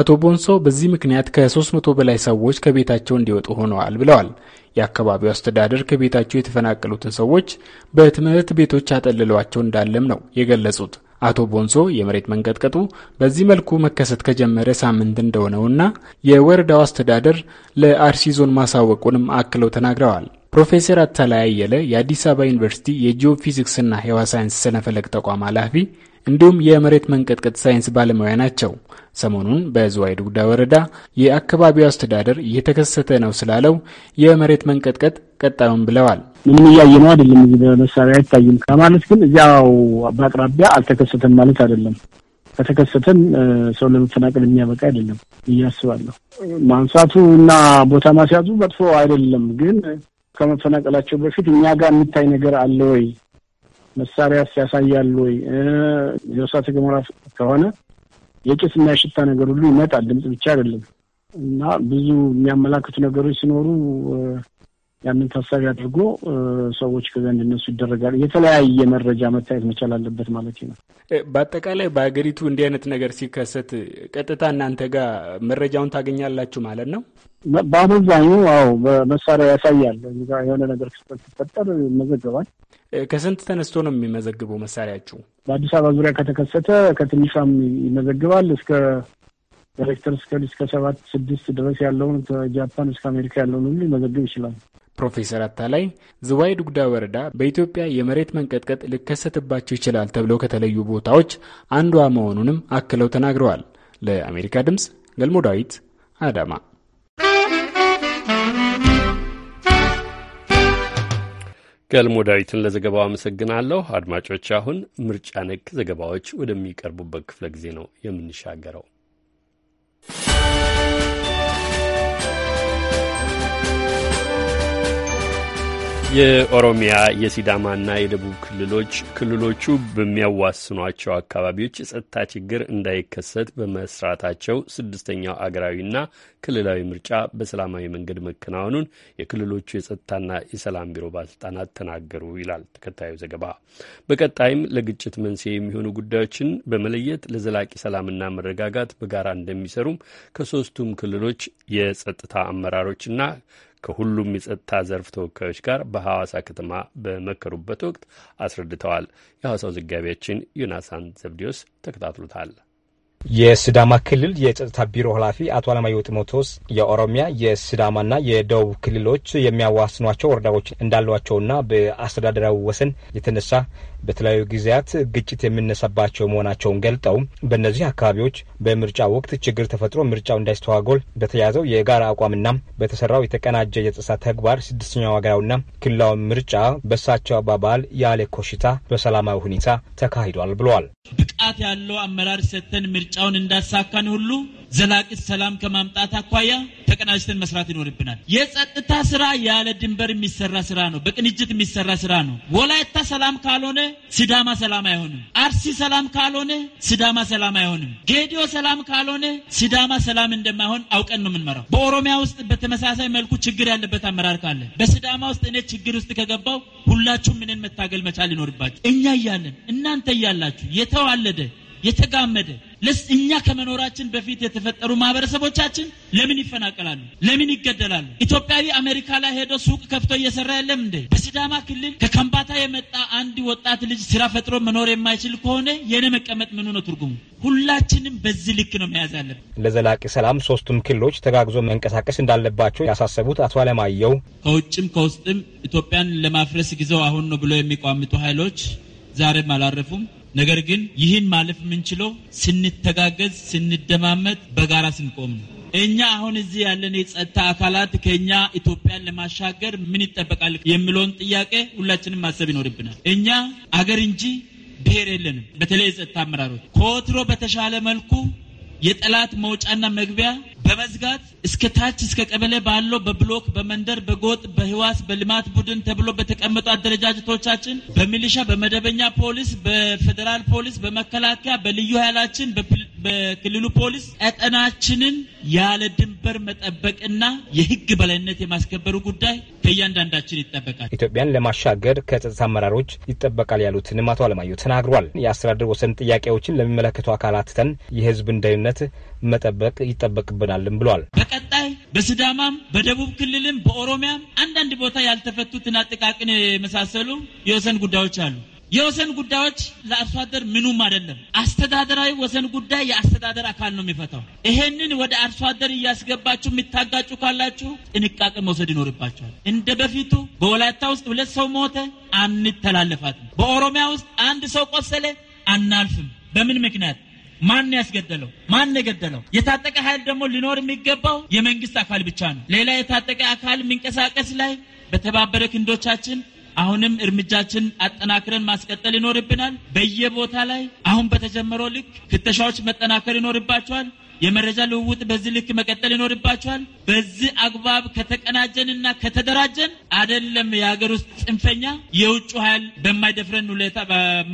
አቶ ቦንሶ በዚህ ምክንያት ከ300 በላይ ሰዎች ከቤታቸው እንዲወጡ ሆነዋል ብለዋል። የአካባቢው አስተዳደር ከቤታቸው የተፈናቀሉትን ሰዎች በትምህርት ቤቶች አጠልለዋቸው እንዳለም ነው የገለጹት። አቶ ቦንሶ የመሬት መንቀጥቀጡ በዚህ መልኩ መከሰት ከጀመረ ሳምንት እንደሆነውና የወረዳው አስተዳደር ለአርሲ ዞን ማሳወቁንም አክለው ተናግረዋል። ፕሮፌሰር አታላይ አየለ የአዲስ አበባ ዩኒቨርሲቲ ፊዚክስና ህዋ ሳይንስ ስነፈለግ ተቋም ኃላፊ እንዲሁም የመሬት መንቀጥቀጥ ሳይንስ ባለሙያ ናቸው። ሰሞኑን በዝዋይ ዱጉዳ ወረዳ የአካባቢው አስተዳደር እየተከሰተ ነው ስላለው የመሬት መንቀጥቀጥ ቀጣዩን ብለዋል። ምንም እያየ ነው አይደለም፣ እዚህ በመሳሪያ አይታይም ከማለት ግን እዚያው በአቅራቢያ አልተከሰተም ማለት አይደለም። ከተከሰተም ሰው ለመፈናቀል የሚያበቃ አይደለም ብዬ አስባለሁ። ማንሳቱ እና ቦታ ማስያዙ መጥፎ አይደለም፣ ግን ከመፈናቀላቸው በፊት እኛ ጋር የሚታይ ነገር አለ ወይ መሳሪያ ሲያሳያሉ ወይ? የእሳተ ገሞራ ከሆነ የጭስና የሽታ ነገር ሁሉ ይመጣል። ድምፅ ብቻ አይደለም እና ብዙ የሚያመላክቱ ነገሮች ሲኖሩ ያንን ታሳቢ አድርጎ ሰዎች ከዛ እንዲነሱ ይደረጋል። የተለያየ መረጃ መታየት መቻል አለበት ማለት ነው። በአጠቃላይ በሀገሪቱ እንዲህ አይነት ነገር ሲከሰት ቀጥታ እናንተ ጋር መረጃውን ታገኛላችሁ ማለት ነው። በአመዛኙ አዎ፣ በመሳሪያ ያሳያል። የሆነ ነገር ሲፈጠር ይመዘግባል። ከስንት ተነስቶ ነው የሚመዘግበው መሳሪያችሁ? በአዲስ አበባ ዙሪያ ከተከሰተ ከትንሿም ይመዘግባል እስከ ዳይሬክተር እስከ ሰባት ስድስት ድረስ ያለውን ከጃፓን እስከ አሜሪካ ያለውን ሁሉ ይመዘግብ ይችላል። ፕሮፌሰር አታላይ ዝዋይ ዱጉዳ ወረዳ በኢትዮጵያ የመሬት መንቀጥቀጥ ሊከሰትባቸው ይችላል ተብለው ከተለዩ ቦታዎች አንዷ መሆኑንም አክለው ተናግረዋል። ለአሜሪካ ድምፅ ገልሞ ዳዊት አዳማ። ገልሞ ዳዊትን ለዘገባው አመሰግናለሁ። አድማጮች፣ አሁን ምርጫ ነክ ዘገባዎች ወደሚቀርቡበት ክፍለ ጊዜ ነው የምንሻገረው። የኦሮሚያ የሲዳማና የደቡብ ክልሎች ክልሎቹ በሚያዋስኗቸው አካባቢዎች የጸጥታ ችግር እንዳይከሰት በመስራታቸው ስድስተኛው አገራዊና ክልላዊ ምርጫ በሰላማዊ መንገድ መከናወኑን የክልሎቹ የጸጥታና የሰላም ቢሮ ባለስልጣናት ተናገሩ ይላል ተከታዩ ዘገባ። በቀጣይም ለግጭት መንስኤ የሚሆኑ ጉዳዮችን በመለየት ለዘላቂ ሰላምና መረጋጋት በጋራ እንደሚሰሩም ከሶስቱም ክልሎች የጸጥታ አመራሮችና ከሁሉም የጸጥታ ዘርፍ ተወካዮች ጋር በሐዋሳ ከተማ በመከሩበት ወቅት አስረድተዋል። የሐዋሳው ዘጋቢያችን ዮናሳን ዘብዲዮስ ተከታትሎታል። የስዳማ ክልል የጸጥታ ቢሮ ኃላፊ አቶ አለማየሁ ጢሞቴዎስ የኦሮሚያ የሲዳማና የደቡብ ክልሎች የሚያዋስኗቸው ወረዳዎች እንዳሏቸውና በአስተዳደራዊ ወሰን የተነሳ በተለያዩ ጊዜያት ግጭት የሚነሳባቸው መሆናቸውን ገልጠው በእነዚህ አካባቢዎች በምርጫ ወቅት ችግር ተፈጥሮ ምርጫው እንዳይስተዋጎል በተያዘው የጋራ አቋምና በተሰራው የተቀናጀ የጸጥታ ተግባር ስድስተኛው ሀገራዊና ክልላዊ ምርጫ በሳቸው አባባል ያለ ኮሽታ በሰላማዊ ሁኔታ ተካሂዷል ብለዋል። ብቃት ያለው አመራር ሰጥተን ምርጫውን እንዳሳካን ሁሉ ዘላቂ ሰላም ከማምጣት አኳያ ተቀናጅተን መስራት ይኖርብናል። የጸጥታ ስራ ያለ ድንበር የሚሰራ ስራ ነው። በቅንጅት የሚሰራ ስራ ነው። ወላይታ ሰላም ካልሆነ ሲዳማ ሰላም አይሆንም። አርሲ ሰላም ካልሆነ ሲዳማ ሰላም አይሆንም። ጌዲዮ ሰላም ካልሆነ ሲዳማ ሰላም እንደማይሆን አውቀን ነው የምንመራው። በኦሮሚያ ውስጥ በተመሳሳይ መልኩ ችግር ያለበት አመራር ካለ በሲዳማ ውስጥ እኔ ችግር ውስጥ ከገባው ሁላችሁም ምንን መታገል መቻል ይኖርባችሁ። እኛ እያለን እናንተ እያላችሁ የተዋለደ የተጋመደ ለስ እኛ ከመኖራችን በፊት የተፈጠሩ ማህበረሰቦቻችን ለምን ይፈናቀላሉ? ለምን ይገደላሉ? ኢትዮጵያዊ አሜሪካ ላይ ሄዶ ሱቅ ከፍቶ እየሰራ የለም እንዴ? በሲዳማ ክልል ከከምባታ የመጣ አንድ ወጣት ልጅ ስራ ፈጥሮ መኖር የማይችል ከሆነ የነ መቀመጥ ምኑ ነው ትርጉሙ? ሁላችንም በዚህ ልክ ነው መያዝ አለብን። ለዘላቂ ሰላም ሶስቱም ክልሎች ተጋግዞ መንቀሳቀስ እንዳለባቸው ያሳሰቡት አቶ አለማየሁ ከውጭም ከውስጥም ኢትዮጵያን ለማፍረስ ጊዜው አሁን ነው ብሎ የሚቋምጡ ኃይሎች ዛሬም አላረፉም። ነገር ግን ይህን ማለፍ የምንችለው ስንተጋገዝ፣ ስንደማመጥ፣ በጋራ ስንቆም ነው። እኛ አሁን እዚህ ያለን የጸጥታ አካላት ከኛ ኢትዮጵያን ለማሻገር ምን ይጠበቃል የሚለውን ጥያቄ ሁላችንም ማሰብ ይኖርብናል። እኛ አገር እንጂ ብሔር የለንም። በተለይ የጸጥታ አመራሮች ከወትሮ በተሻለ መልኩ የጠላት መውጫና መግቢያ በመዝጋት እስከ ታች እስከ ቀበሌ ባለው በብሎክ በመንደር በጎጥ በህዋስ በልማት ቡድን ተብሎ በተቀመጡ አደረጃጀቶቻችን በሚሊሻ በመደበኛ ፖሊስ በፌዴራል ፖሊስ በመከላከያ በልዩ ኃይላችን በክልሉ ፖሊስ ቀጠናችንን ያለ ድንበር መጠበቅና የህግ በላይነት የማስከበሩ ጉዳይ ከእያንዳንዳችን ይጠበቃል። ኢትዮጵያን ለማሻገር ከጸጥታ አመራሮች ይጠበቃል ያሉትንም አቶ አለማየሁ ተናግሯል። የአስተዳደር ወሰን ጥያቄዎችን ለሚመለከቱ አካላት ትተን የህዝብን ደህንነት መጠበቅ ይጠበቅብናልም ብሏል። በቀጣይ በስዳማም በደቡብ ክልልም በኦሮሚያም አንዳንድ ቦታ ትና ጥቃቅን የመሳሰሉ የወሰን ጉዳዮች አሉ። የወሰን ጉዳዮች ለአርሶ አደር ምኑም አይደለም። አስተዳደራዊ ወሰን ጉዳይ የአስተዳደር አካል ነው የሚፈታው። ይሄንን ወደ አርሶ አደር እያስገባችሁ የሚታጋጩ ካላችሁ ጥንቃቄ መውሰድ ይኖርባቸዋል። እንደ በፊቱ በወላይታ ውስጥ ሁለት ሰው ሞተ አንተላለፋትም። በኦሮሚያ ውስጥ አንድ ሰው ቆሰለ አናልፍም። በምን ምክንያት ማን ያስገደለው? ማን የገደለው? የታጠቀ ኃይል ደግሞ ሊኖር የሚገባው የመንግስት አካል ብቻ ነው። ሌላ የታጠቀ አካል የሚንቀሳቀስ ላይ በተባበረ ክንዶቻችን አሁንም እርምጃችን አጠናክረን ማስቀጠል ይኖርብናል። በየቦታ ላይ አሁን በተጀመረው ልክ ፍተሻዎች መጠናከር ይኖርባቸዋል። የመረጃ ልውውጥ በዚህ ልክ መቀጠል ይኖርባቸዋል። በዚህ አግባብ ከተቀናጀንና ከተደራጀን አደለም የሀገር ውስጥ ጽንፈኛ የውጭ ኃይል በማይደፍረን ሁኔታ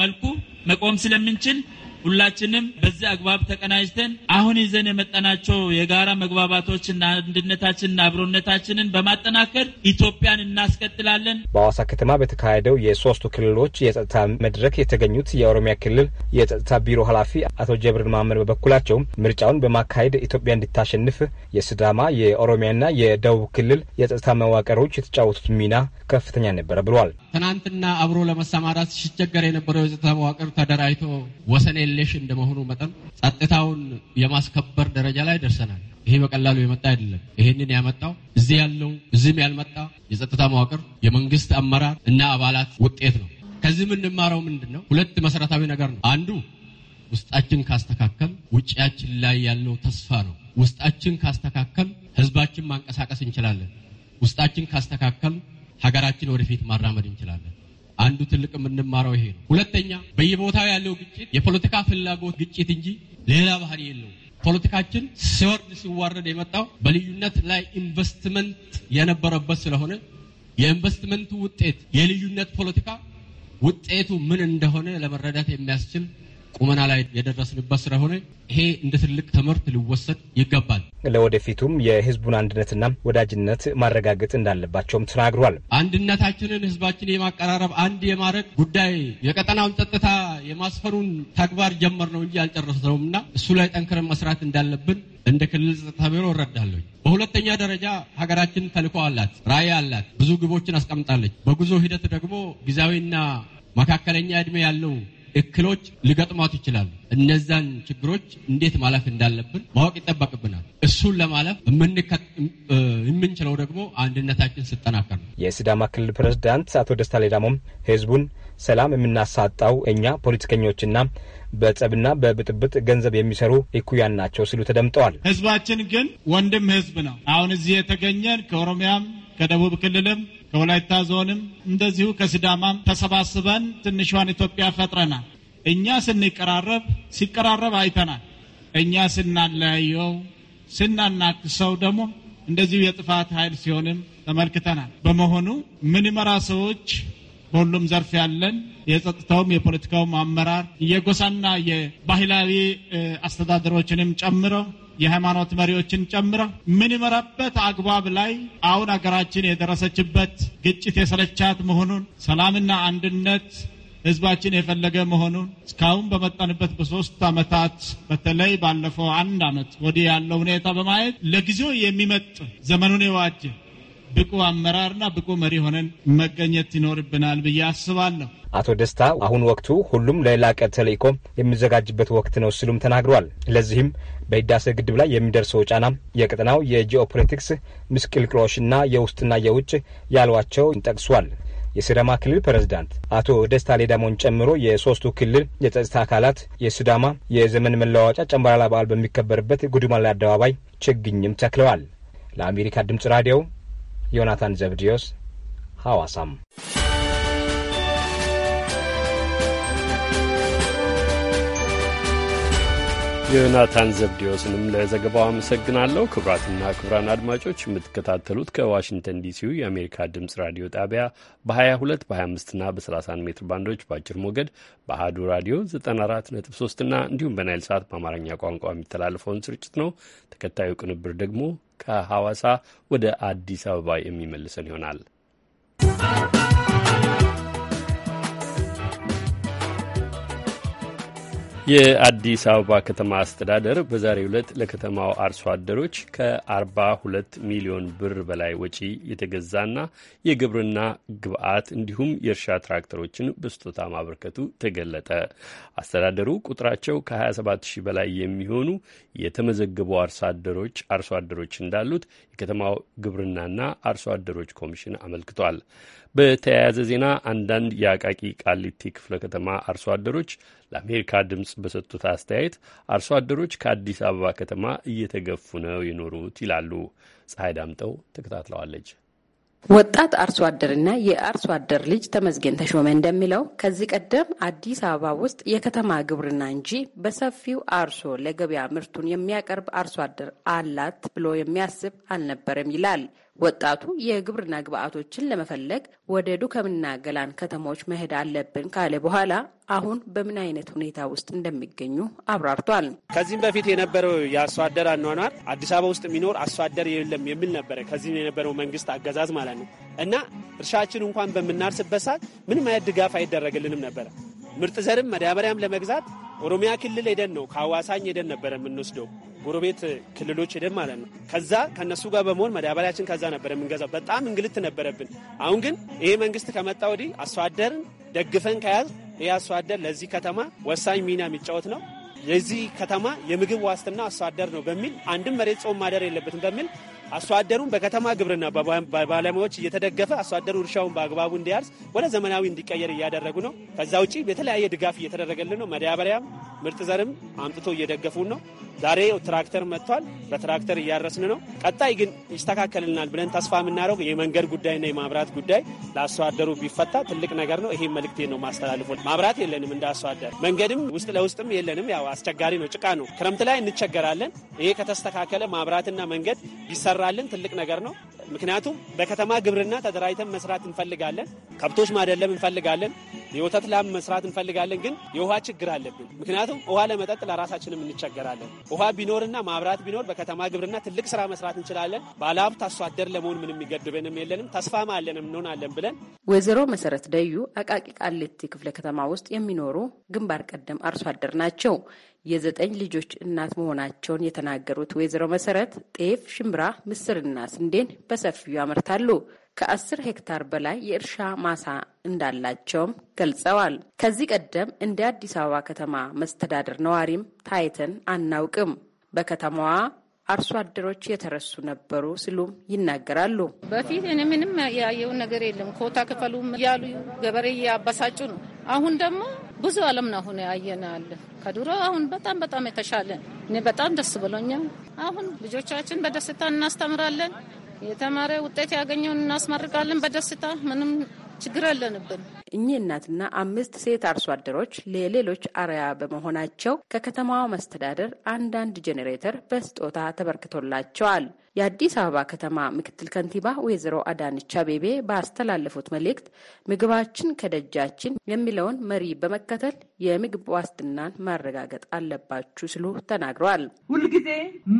መልኩ መቆም ስለምንችል ሁላችንም በዚህ አግባብ ተቀናጅተን አሁን ይዘን የመጠናቸው የጋራ መግባባቶችና አንድነታችንና አብሮነታችንን በማጠናከር ኢትዮጵያን እናስቀጥላለን። በአዋሳ ከተማ በተካሄደው የሶስቱ ክልሎች የጸጥታ መድረክ የተገኙት የኦሮሚያ ክልል የጸጥታ ቢሮ ኃላፊ አቶ ጀብርን መሀመድ በበኩላቸው ምርጫውን በማካሄድ ኢትዮጵያ እንድታሸንፍ የስዳማ የኦሮሚያና የደቡብ ክልል የጸጥታ መዋቅሮች የተጫወቱት ሚና ከፍተኛ ነበረ ብሏል። ትናንትና አብሮ ለመሰማራት ሲቸገር የነበረው የጸጥታ መዋቅር ተደራጅቶ ወሰን የለሽ እንደመሆኑ መጠን ጸጥታውን የማስከበር ደረጃ ላይ ደርሰናል። ይሄ በቀላሉ የመጣ አይደለም። ይሄንን ያመጣው እዚህ ያለው እዚህም ያልመጣ የጸጥታ መዋቅር የመንግስት አመራር እና አባላት ውጤት ነው። ከዚህ የምንማረው ምንድን ነው? ሁለት መሰረታዊ ነገር ነው። አንዱ ውስጣችን ካስተካከል ውጪያችን ላይ ያለው ተስፋ ነው። ውስጣችን ካስተካከል ህዝባችን ማንቀሳቀስ እንችላለን። ውስጣችን ካስተካከል ሀገራችን ወደፊት ማራመድ እንችላለን። አንዱ ትልቅ የምንማረው ይሄ ነው። ሁለተኛ በየቦታው ያለው ግጭት የፖለቲካ ፍላጎት ግጭት እንጂ ሌላ ባህሪ የለውም። ፖለቲካችን ሲወርድ ሲዋረድ የመጣው በልዩነት ላይ ኢንቨስትመንት የነበረበት ስለሆነ የኢንቨስትመንቱ ውጤት የልዩነት ፖለቲካ ውጤቱ ምን እንደሆነ ለመረዳት የሚያስችል ቁመና ላይ የደረስንበት ስለሆነ ይሄ እንደ ትልቅ ትምህርት ሊወሰድ ይገባል። ለወደፊቱም የህዝቡን አንድነትና ወዳጅነት ማረጋገጥ እንዳለባቸውም ተናግሯል። አንድነታችንን ህዝባችን የማቀራረብ አንድ የማድረግ ጉዳይ የቀጠናውን ጸጥታ የማስፈኑን ተግባር ጀመር ነው እንጂ አልጨረስነውም እና እሱ ላይ ጠንክረን መስራት እንዳለብን እንደ ክልል ጸጥታ ቢሮ እረዳለሁ። በሁለተኛ ደረጃ ሀገራችን ተልዕኮ አላት፣ ራዕይ አላት፣ ብዙ ግቦችን አስቀምጣለች። በጉዞ ሂደት ደግሞ ጊዜያዊና መካከለኛ እድሜ ያለው እክሎች ሊገጥሟት ይችላሉ። እነዛን ችግሮች እንዴት ማለፍ እንዳለብን ማወቅ ይጠበቅብናል። እሱን ለማለፍ የምንችለው ደግሞ አንድነታችን ስጠናከር ነው። የሲዳማ ክልል ፕሬዝዳንት አቶ ደስታ ሌዳሞም ህዝቡን ሰላም የምናሳጣው እኛ ፖለቲከኞችና በጸብና በብጥብጥ ገንዘብ የሚሰሩ እኩያን ናቸው ሲሉ ተደምጠዋል። ህዝባችን ግን ወንድም ህዝብ ነው። አሁን እዚህ የተገኘን ከኦሮሚያም ከደቡብ ክልልም ከወላይታ ዞንም እንደዚሁ ከስዳማም ተሰባስበን ትንሿን ኢትዮጵያ ፈጥረናል። እኛ ስንቀራረብ ሲቀራረብ አይተናል። እኛ ስናለያየው ስናናክሰው ደግሞ እንደዚሁ የጥፋት ኃይል ሲሆንም ተመልክተናል። በመሆኑ ምንመራ ሰዎች በሁሉም ዘርፍ ያለን የጸጥታውም የፖለቲካውም አመራር የጎሳና የባህላዊ አስተዳደሮችንም ጨምረው የሃይማኖት መሪዎችን ጨምረ የምንመረበት አግባብ ላይ አሁን ሀገራችን የደረሰችበት ግጭት የሰለቻት መሆኑን ሰላምና አንድነት ህዝባችን የፈለገ መሆኑን እስካሁን በመጣንበት በሶስት ዓመታት በተለይ ባለፈው አንድ ዓመት ወዲህ ያለው ሁኔታ በማየት ለጊዜው የሚመጥ ዘመኑን የዋጀ ብቁ አመራርና ብቁ መሪ ሆነን መገኘት ይኖርብናል ብዬ አስባለሁ። አቶ ደስታ አሁን ወቅቱ ሁሉም ለላቀ ተልእኮ የሚዘጋጅበት ወቅት ነው ሲሉም ተናግረዋል። ለዚህም በህዳሴ ግድብ ላይ የሚደርሰው ጫና የቀጠናው የጂኦፖለቲክስ ምስቅልቅሎችና የውስጥና የውጭ ያሏቸው ጠቅሷል። የሲዳማ ክልል ፕሬዝዳንት አቶ ደስታ ሌዳሞን ጨምሮ የሶስቱ ክልል የጸጥታ አካላት የሲዳማ የዘመን መለዋወጫ ጨምባላላ በዓል በሚከበርበት ጉዱማላ አደባባይ ችግኝም ተክለዋል። ለአሜሪካ ድምጽ ራዲዮ ዮናታን ዘብዲዮስ ሐዋሳም ዮናታን ዘብዲዮስንም ለዘገባው አመሰግናለሁ። ክቡራትና ክቡራን አድማጮች የምትከታተሉት ከዋሽንግተን ዲሲው የአሜሪካ ድምፅ ራዲዮ ጣቢያ በ22 በ25ና በ31 ሜትር ባንዶች በአጭር ሞገድ በአህዱ ራዲዮ 94.3 እና እንዲሁም በናይል ሰዓት በአማርኛ ቋንቋ የሚተላለፈውን ስርጭት ነው። ተከታዩ ቅንብር ደግሞ ከሐዋሳ ወደ አዲስ አበባ የሚመልሰን ይሆናል። የአዲስ አበባ ከተማ አስተዳደር በዛሬው ዕለት ለከተማው አርሶ አደሮች ከ42 ሚሊዮን ብር በላይ ወጪ የተገዛና የግብርና ግብዓት እንዲሁም የእርሻ ትራክተሮችን በስጦታ ማበርከቱ ተገለጠ። አስተዳደሩ ቁጥራቸው ከ27000 በላይ የሚሆኑ የተመዘገቡ አርሶ አደሮች አርሶ አደሮች እንዳሉት የከተማው ግብርናና አርሶ አደሮች ኮሚሽን አመልክቷል። በተያያዘ ዜና አንዳንድ የአቃቂ ቃሊቲ ክፍለ ከተማ አርሶ አደሮች ለአሜሪካ ድምፅ በሰጡት አስተያየት አርሶ አደሮች ከአዲስ አበባ ከተማ እየተገፉ ነው የኖሩት ይላሉ። ፀሐይ ዳምጠው ተከታትለዋለች። ወጣት አርሶ አደርና የአርሶ አደር ልጅ ተመዝገን ተሾመ እንደሚለው ከዚህ ቀደም አዲስ አበባ ውስጥ የከተማ ግብርና እንጂ በሰፊው አርሶ ለገበያ ምርቱን የሚያቀርብ አርሶ አደር አላት ብሎ የሚያስብ አልነበረም ይላል። ወጣቱ የግብርና ግብዓቶችን ለመፈለግ ወደ ዱከምና ገላን ከተሞች መሄድ አለብን ካለ በኋላ አሁን በምን አይነት ሁኔታ ውስጥ እንደሚገኙ አብራርቷል። ከዚህም በፊት የነበረው የአስተዳደር አኗኗር አዲስ አበባ ውስጥ የሚኖር አስተዳደር የለም የሚል ነበረ። ከዚህም የነበረው መንግስት አገዛዝ ማለት ነው እና እርሻችን እንኳን በምናርስበት ሰዓት ምንም አይነት ድጋፍ አይደረግልንም ነበረ። ምርጥ ዘርም መዳበሪያም ለመግዛት ኦሮሚያ ክልል ሄደን ነው ከአዋሳኝ ሄደን ነበረ የምንወስደው ጎረቤት ክልሎች ሄደን ማለት ነው። ከዛ ከነሱ ጋር በመሆን መዳበሪያችን ከዛ ነበር የምንገዛው። በጣም እንግልት ነበረብን። አሁን ግን ይሄ መንግስት ከመጣ ወዲህ አስተዋደርን ደግፈን ከያዝ ይህ አስተዋደር አደር ለዚህ ከተማ ወሳኝ ሚና የሚጫወት ነው የዚህ ከተማ የምግብ ዋስትና አስተዋደር ነው በሚል አንድም መሬት ጾም ማደር የለበትም በሚል አስተዋደሩን በከተማ ግብርና በባለሙያዎች እየተደገፈ አስተዋደሩ አደሩ እርሻውን በአግባቡ እንዲያርስ ወደ ዘመናዊ እንዲቀየር እያደረጉ ነው። ከዛ ውጭ የተለያየ ድጋፍ እየተደረገልን ነው። መዳበሪያም ምርጥ ዘርም አምጥቶ እየደገፉን ነው። ዛሬ ትራክተር መጥቷል። በትራክተር እያረስን ነው። ቀጣይ ግን ይስተካከልናል ብለን ተስፋ የምናደርገው የመንገድ ጉዳይና የማብራት ጉዳይ ለአርሶ አደሩ ቢፈታ ትልቅ ነገር ነው። ይሄ መልክቴ ነው ማስተላልፎ። ማብራት የለንም እንደ አርሶ አደር፣ መንገድም ውስጥ ለውስጥም የለንም። ያው አስቸጋሪ ነው፣ ጭቃ ነው። ክረምት ላይ እንቸገራለን። ይሄ ከተስተካከለ ማብራትና መንገድ ቢሰራልን ትልቅ ነገር ነው። ምክንያቱም በከተማ ግብርና ተደራጅተን መስራት እንፈልጋለን። ከብቶች ማደለም እንፈልጋለን። የወተት ላም መስራት እንፈልጋለን። ግን የውሃ ችግር አለብን። ምክንያቱም ውሃ ለመጠጥ ለራሳችንም እንቸገራለን። ውሃ ቢኖርና ማብራት ቢኖር በከተማ ግብርና ትልቅ ስራ መስራት እንችላለን። ባለሀብት አርሶ አደር ለመሆን ምንም የሚገድበንም የለንም። ተስፋም አለንም እንሆናለን ብለን ወይዘሮ መሰረት ደዩ አቃቂ ቃሊቲ ክፍለ ከተማ ውስጥ የሚኖሩ ግንባር ቀደም አርሶ አደር ናቸው። የዘጠኝ ልጆች እናት መሆናቸውን የተናገሩት ወይዘሮ መሰረት ጤፍ፣ ሽምብራ፣ ምስርና ስንዴን በሰፊው ያመርታሉ። ከአስር ሄክታር በላይ የእርሻ ማሳ እንዳላቸውም ገልጸዋል። ከዚህ ቀደም እንደ አዲስ አበባ ከተማ መስተዳደር ነዋሪም ታይተን አናውቅም። በከተማዋ አርሶ አደሮች የተረሱ ነበሩ ሲሉም ይናገራሉ። በፊት እኔ ምንም ያየውን ነገር የለም። ኮታ ክፈሉ እያሉ ገበሬ እያባሳጩ ነው። አሁን ደግሞ ብዙ አለም ነው አሁን ያየናል ከድሮ አሁን በጣም በጣም የተሻለ እኔ በጣም ደስ ብሎኛል። አሁን ልጆቻችን በደስታ እናስተምራለን። የተማረ ውጤት ያገኘውን እናስመርቃለን በደስታ ምንም ችግር አለንብን። እኚህ እናትና አምስት ሴት አርሶ አደሮች ለሌሎች አርያ በመሆናቸው ከከተማዋ መስተዳደር አንዳንድ ጄኔሬተር በስጦታ ተበርክቶላቸዋል። የአዲስ አበባ ከተማ ምክትል ከንቲባ ወይዘሮ አዳነች አቤቤ ባስተላለፉት መልእክት ምግባችን ከደጃችን የሚለውን መሪ በመከተል የምግብ ዋስትናን ማረጋገጥ አለባችሁ ሲሉ ተናግረዋል። ሁልጊዜ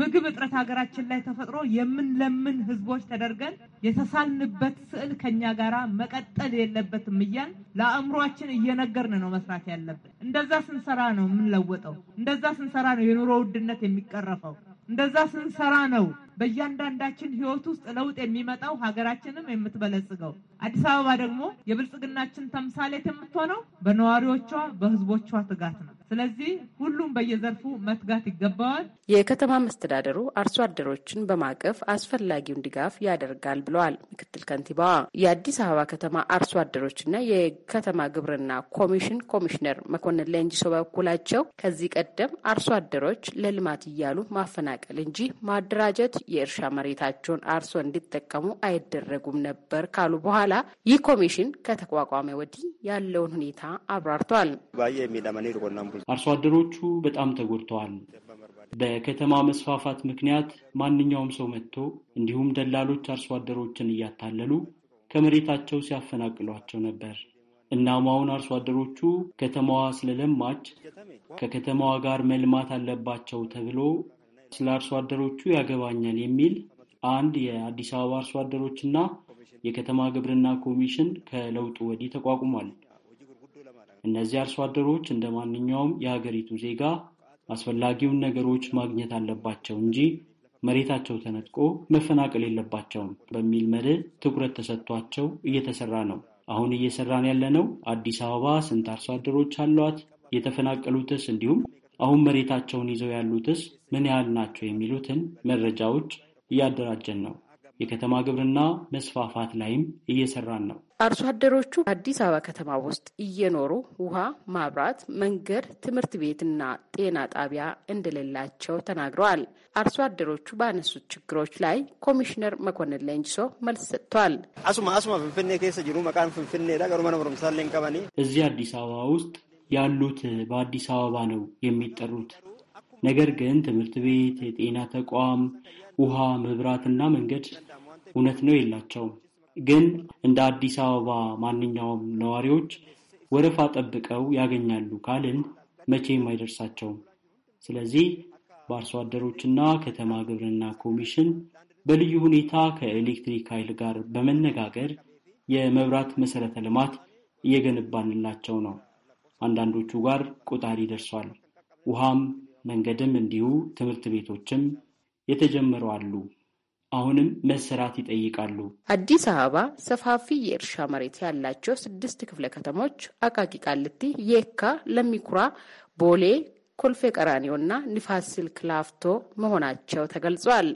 ምግብ እጥረት ሀገራችን ላይ ተፈጥሮ የምንለምን ህዝቦች ተደርገን የተሳልንበት ስዕል ከኛ ጋራ መቀጠል የለበትም እያል ለአእምሯችን እየነገርን ነው መስራት ያለብን። እንደዛ ስንሰራ ነው የምንለወጠው። እንደዛ ስንሰራ ነው የኑሮ ውድነት የሚቀረፈው። እንደዛ ስንሰራ ነው በእያንዳንዳችን ህይወት ውስጥ ለውጥ የሚመጣው፣ ሀገራችንም የምትበለጽገው። አዲስ አበባ ደግሞ የብልጽግናችን ተምሳሌት የምትሆነው በነዋሪዎቿ በህዝቦቿ ትጋት ነው። ስለዚህ ሁሉም በየዘርፉ መትጋት ይገባዋል። የከተማ መስተዳደሩ አርሶ አደሮችን በማቀፍ አስፈላጊውን ድጋፍ ያደርጋል ብለዋል ምክትል ከንቲባዋ። የአዲስ አበባ ከተማ አርሶ አደሮችና የከተማ ግብርና ኮሚሽን ኮሚሽነር መኮንን ለእንጂሶ በበኩላቸው ከዚህ ቀደም አርሶ አደሮች ለልማት እያሉ ማፈናቀል እንጂ ማደራጀት የእርሻ መሬታቸውን አርሶ እንዲጠቀሙ አይደረጉም ነበር ካሉ በኋላ ይህ ኮሚሽን ከተቋቋመ ወዲህ ያለውን ሁኔታ አብራርቷል። አርሶ አደሮቹ በጣም ተጎድተዋል። በከተማ መስፋፋት ምክንያት ማንኛውም ሰው መጥቶ እንዲሁም ደላሎች አርሶ አደሮችን እያታለሉ ከመሬታቸው ሲያፈናቅሏቸው ነበር። እናም አሁን አርሶ አደሮቹ ከተማዋ ስለለማች ከከተማዋ ጋር መልማት አለባቸው ተብሎ ስለ አርሶ አደሮቹ ያገባኛል የሚል አንድ የአዲስ አበባ አርሶ አደሮችና የከተማ ግብርና ኮሚሽን ከለውጡ ወዲህ ተቋቁሟል። እነዚህ አርሶ አደሮች እንደ ማንኛውም የሀገሪቱ ዜጋ አስፈላጊውን ነገሮች ማግኘት አለባቸው እንጂ መሬታቸው ተነጥቆ መፈናቀል የለባቸውም በሚል መርህ ትኩረት ተሰጥቷቸው እየተሰራ ነው። አሁን እየሰራን ያለነው አዲስ አበባ ስንት አርሶ አደሮች አሏት፣ የተፈናቀሉትስ፣ እንዲሁም አሁን መሬታቸውን ይዘው ያሉትስ ምን ያህል ናቸው የሚሉትን መረጃዎች እያደራጀን ነው። የከተማ ግብርና መስፋፋት ላይም እየሰራን ነው። አርሶ አደሮቹ አዲስ አበባ ከተማ ውስጥ እየኖሩ ውሃ፣ ማብራት፣ መንገድ፣ ትምህርት ቤትና ጤና ጣቢያ እንደሌላቸው ተናግረዋል። አርሶ አደሮቹ ባነሱት ችግሮች ላይ ኮሚሽነር መኮንን ለእንጅሶ መልስ ሰጥቷል። አሱማ አሱማ ፍንፍኔ ከሰ ጅሩ መቃን ፍንፍኔ ዳቀሩመነ ብረምሳሌን ቀበኔ እዚህ አዲስ አበባ ውስጥ ያሉት በአዲስ አበባ ነው የሚጠሩት። ነገር ግን ትምህርት ቤት፣ የጤና ተቋም፣ ውሃ፣ መብራትና መንገድ እውነት ነው የላቸውም። ግን እንደ አዲስ አበባ ማንኛውም ነዋሪዎች ወረፋ ጠብቀው ያገኛሉ ካልን መቼም አይደርሳቸውም። ስለዚህ በአርሶ አደሮችና ከተማ ግብርና ኮሚሽን በልዩ ሁኔታ ከኤሌክትሪክ ኃይል ጋር በመነጋገር የመብራት መሰረተ ልማት እየገነባንላቸው ነው። አንዳንዶቹ ጋር ቆጣሪ ደርሷል። ውሃም መንገድም እንዲሁ ትምህርት ቤቶችም የተጀመሩ አሉ። አሁንም መሰራት ይጠይቃሉ። አዲስ አበባ ሰፋፊ የእርሻ መሬት ያላቸው ስድስት ክፍለ ከተሞች አቃቂ ቃሊቲ፣ የካ፣ ለሚኩራ፣ ቦሌ፣ ኮልፌ ቀራኒዮና ንፋስ ስልክ ላፍቶ መሆናቸው ተገልጿል።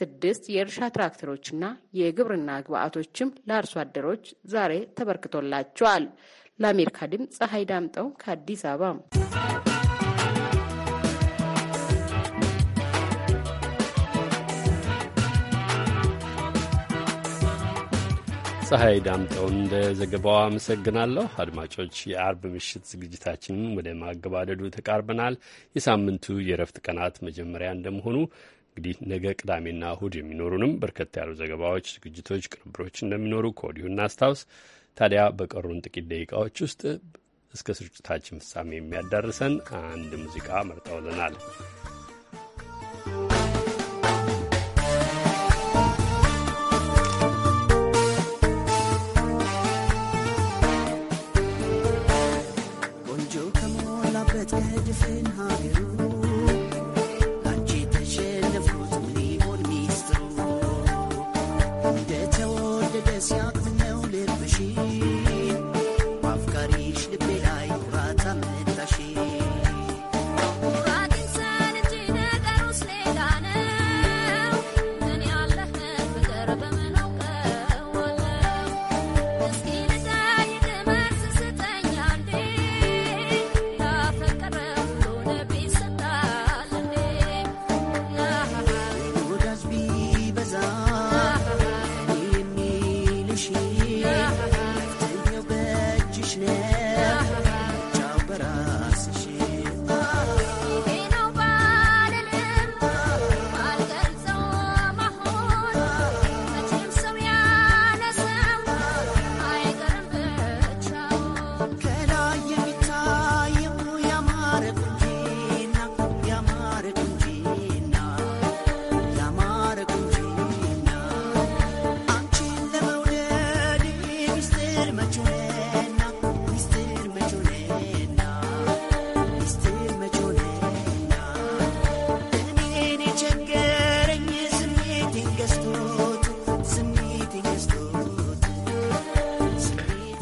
ስድስት የእርሻ ትራክተሮችና የግብርና ግብአቶችም ለአርሶ አደሮች ዛሬ ተበርክቶላቸዋል። ለአሜሪካ ድምፅ ፀሐይ ዳምጠው ከአዲስ አበባ ፀሐይ ዳምጠው እንደ ዘገባው አመሰግናለሁ። አድማጮች የአርብ ምሽት ዝግጅታችንን ወደ ማገባደዱ ተቃርበናል። የሳምንቱ የእረፍት ቀናት መጀመሪያ እንደመሆኑ እንግዲህ ነገ ቅዳሜና እሁድ የሚኖሩንም በርከት ያሉ ዘገባዎች፣ ዝግጅቶች፣ ቅንብሮች እንደሚኖሩ ከወዲሁ እናስታውስ። ታዲያ በቀሩን ጥቂት ደቂቃዎች ውስጥ እስከ ስርጭታችን ፍጻሜ የሚያዳርሰን አንድ ሙዚቃ መርጠውልናል።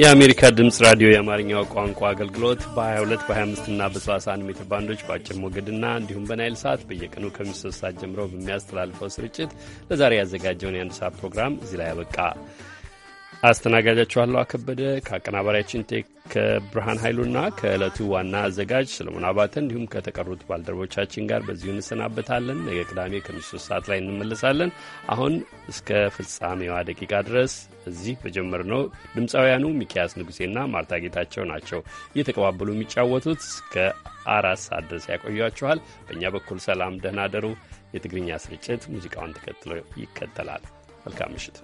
የአሜሪካ ድምፅ ራዲዮ የአማርኛው ቋንቋ አገልግሎት በ22 በ25 እና በ31 ሜትር ባንዶች በአጭር ሞገድና እንዲሁም በናይል ሰዓት በየቀኑ ከሚሶስት ሰዓት ጀምሮ በሚያስተላልፈው ስርጭት ለዛሬ ያዘጋጀውን የአንድ ሰዓት ፕሮግራም እዚህ ላይ ያበቃ። አስተናጋጃችኋለሁ አከበደ ከአቀናባሪያችን ቴክ ከብርሃን ኃይሉና ከዕለቱ ዋና አዘጋጅ ሰለሞን አባተ እንዲሁም ከተቀሩት ባልደረቦቻችን ጋር በዚሁ እንሰናበታለን። ነገ ቅዳሜ ከምሽቱ ሰዓት ላይ እንመለሳለን። አሁን እስከ ፍጻሜዋ ደቂቃ ድረስ እዚህ በጀመርነው ድምፃውያኑ ሚኪያስ ንጉሴና ማርታ ጌታቸው ናቸው እየተቀባበሉ የሚጫወቱት። እስከ አራት ሰዓት ድረስ ያቆያችኋል። በእኛ በኩል ሰላም፣ ደህና ደሩ። የትግርኛ ስርጭት ሙዚቃውን ተከትሎ ይከተላል። መልካም ምሽት።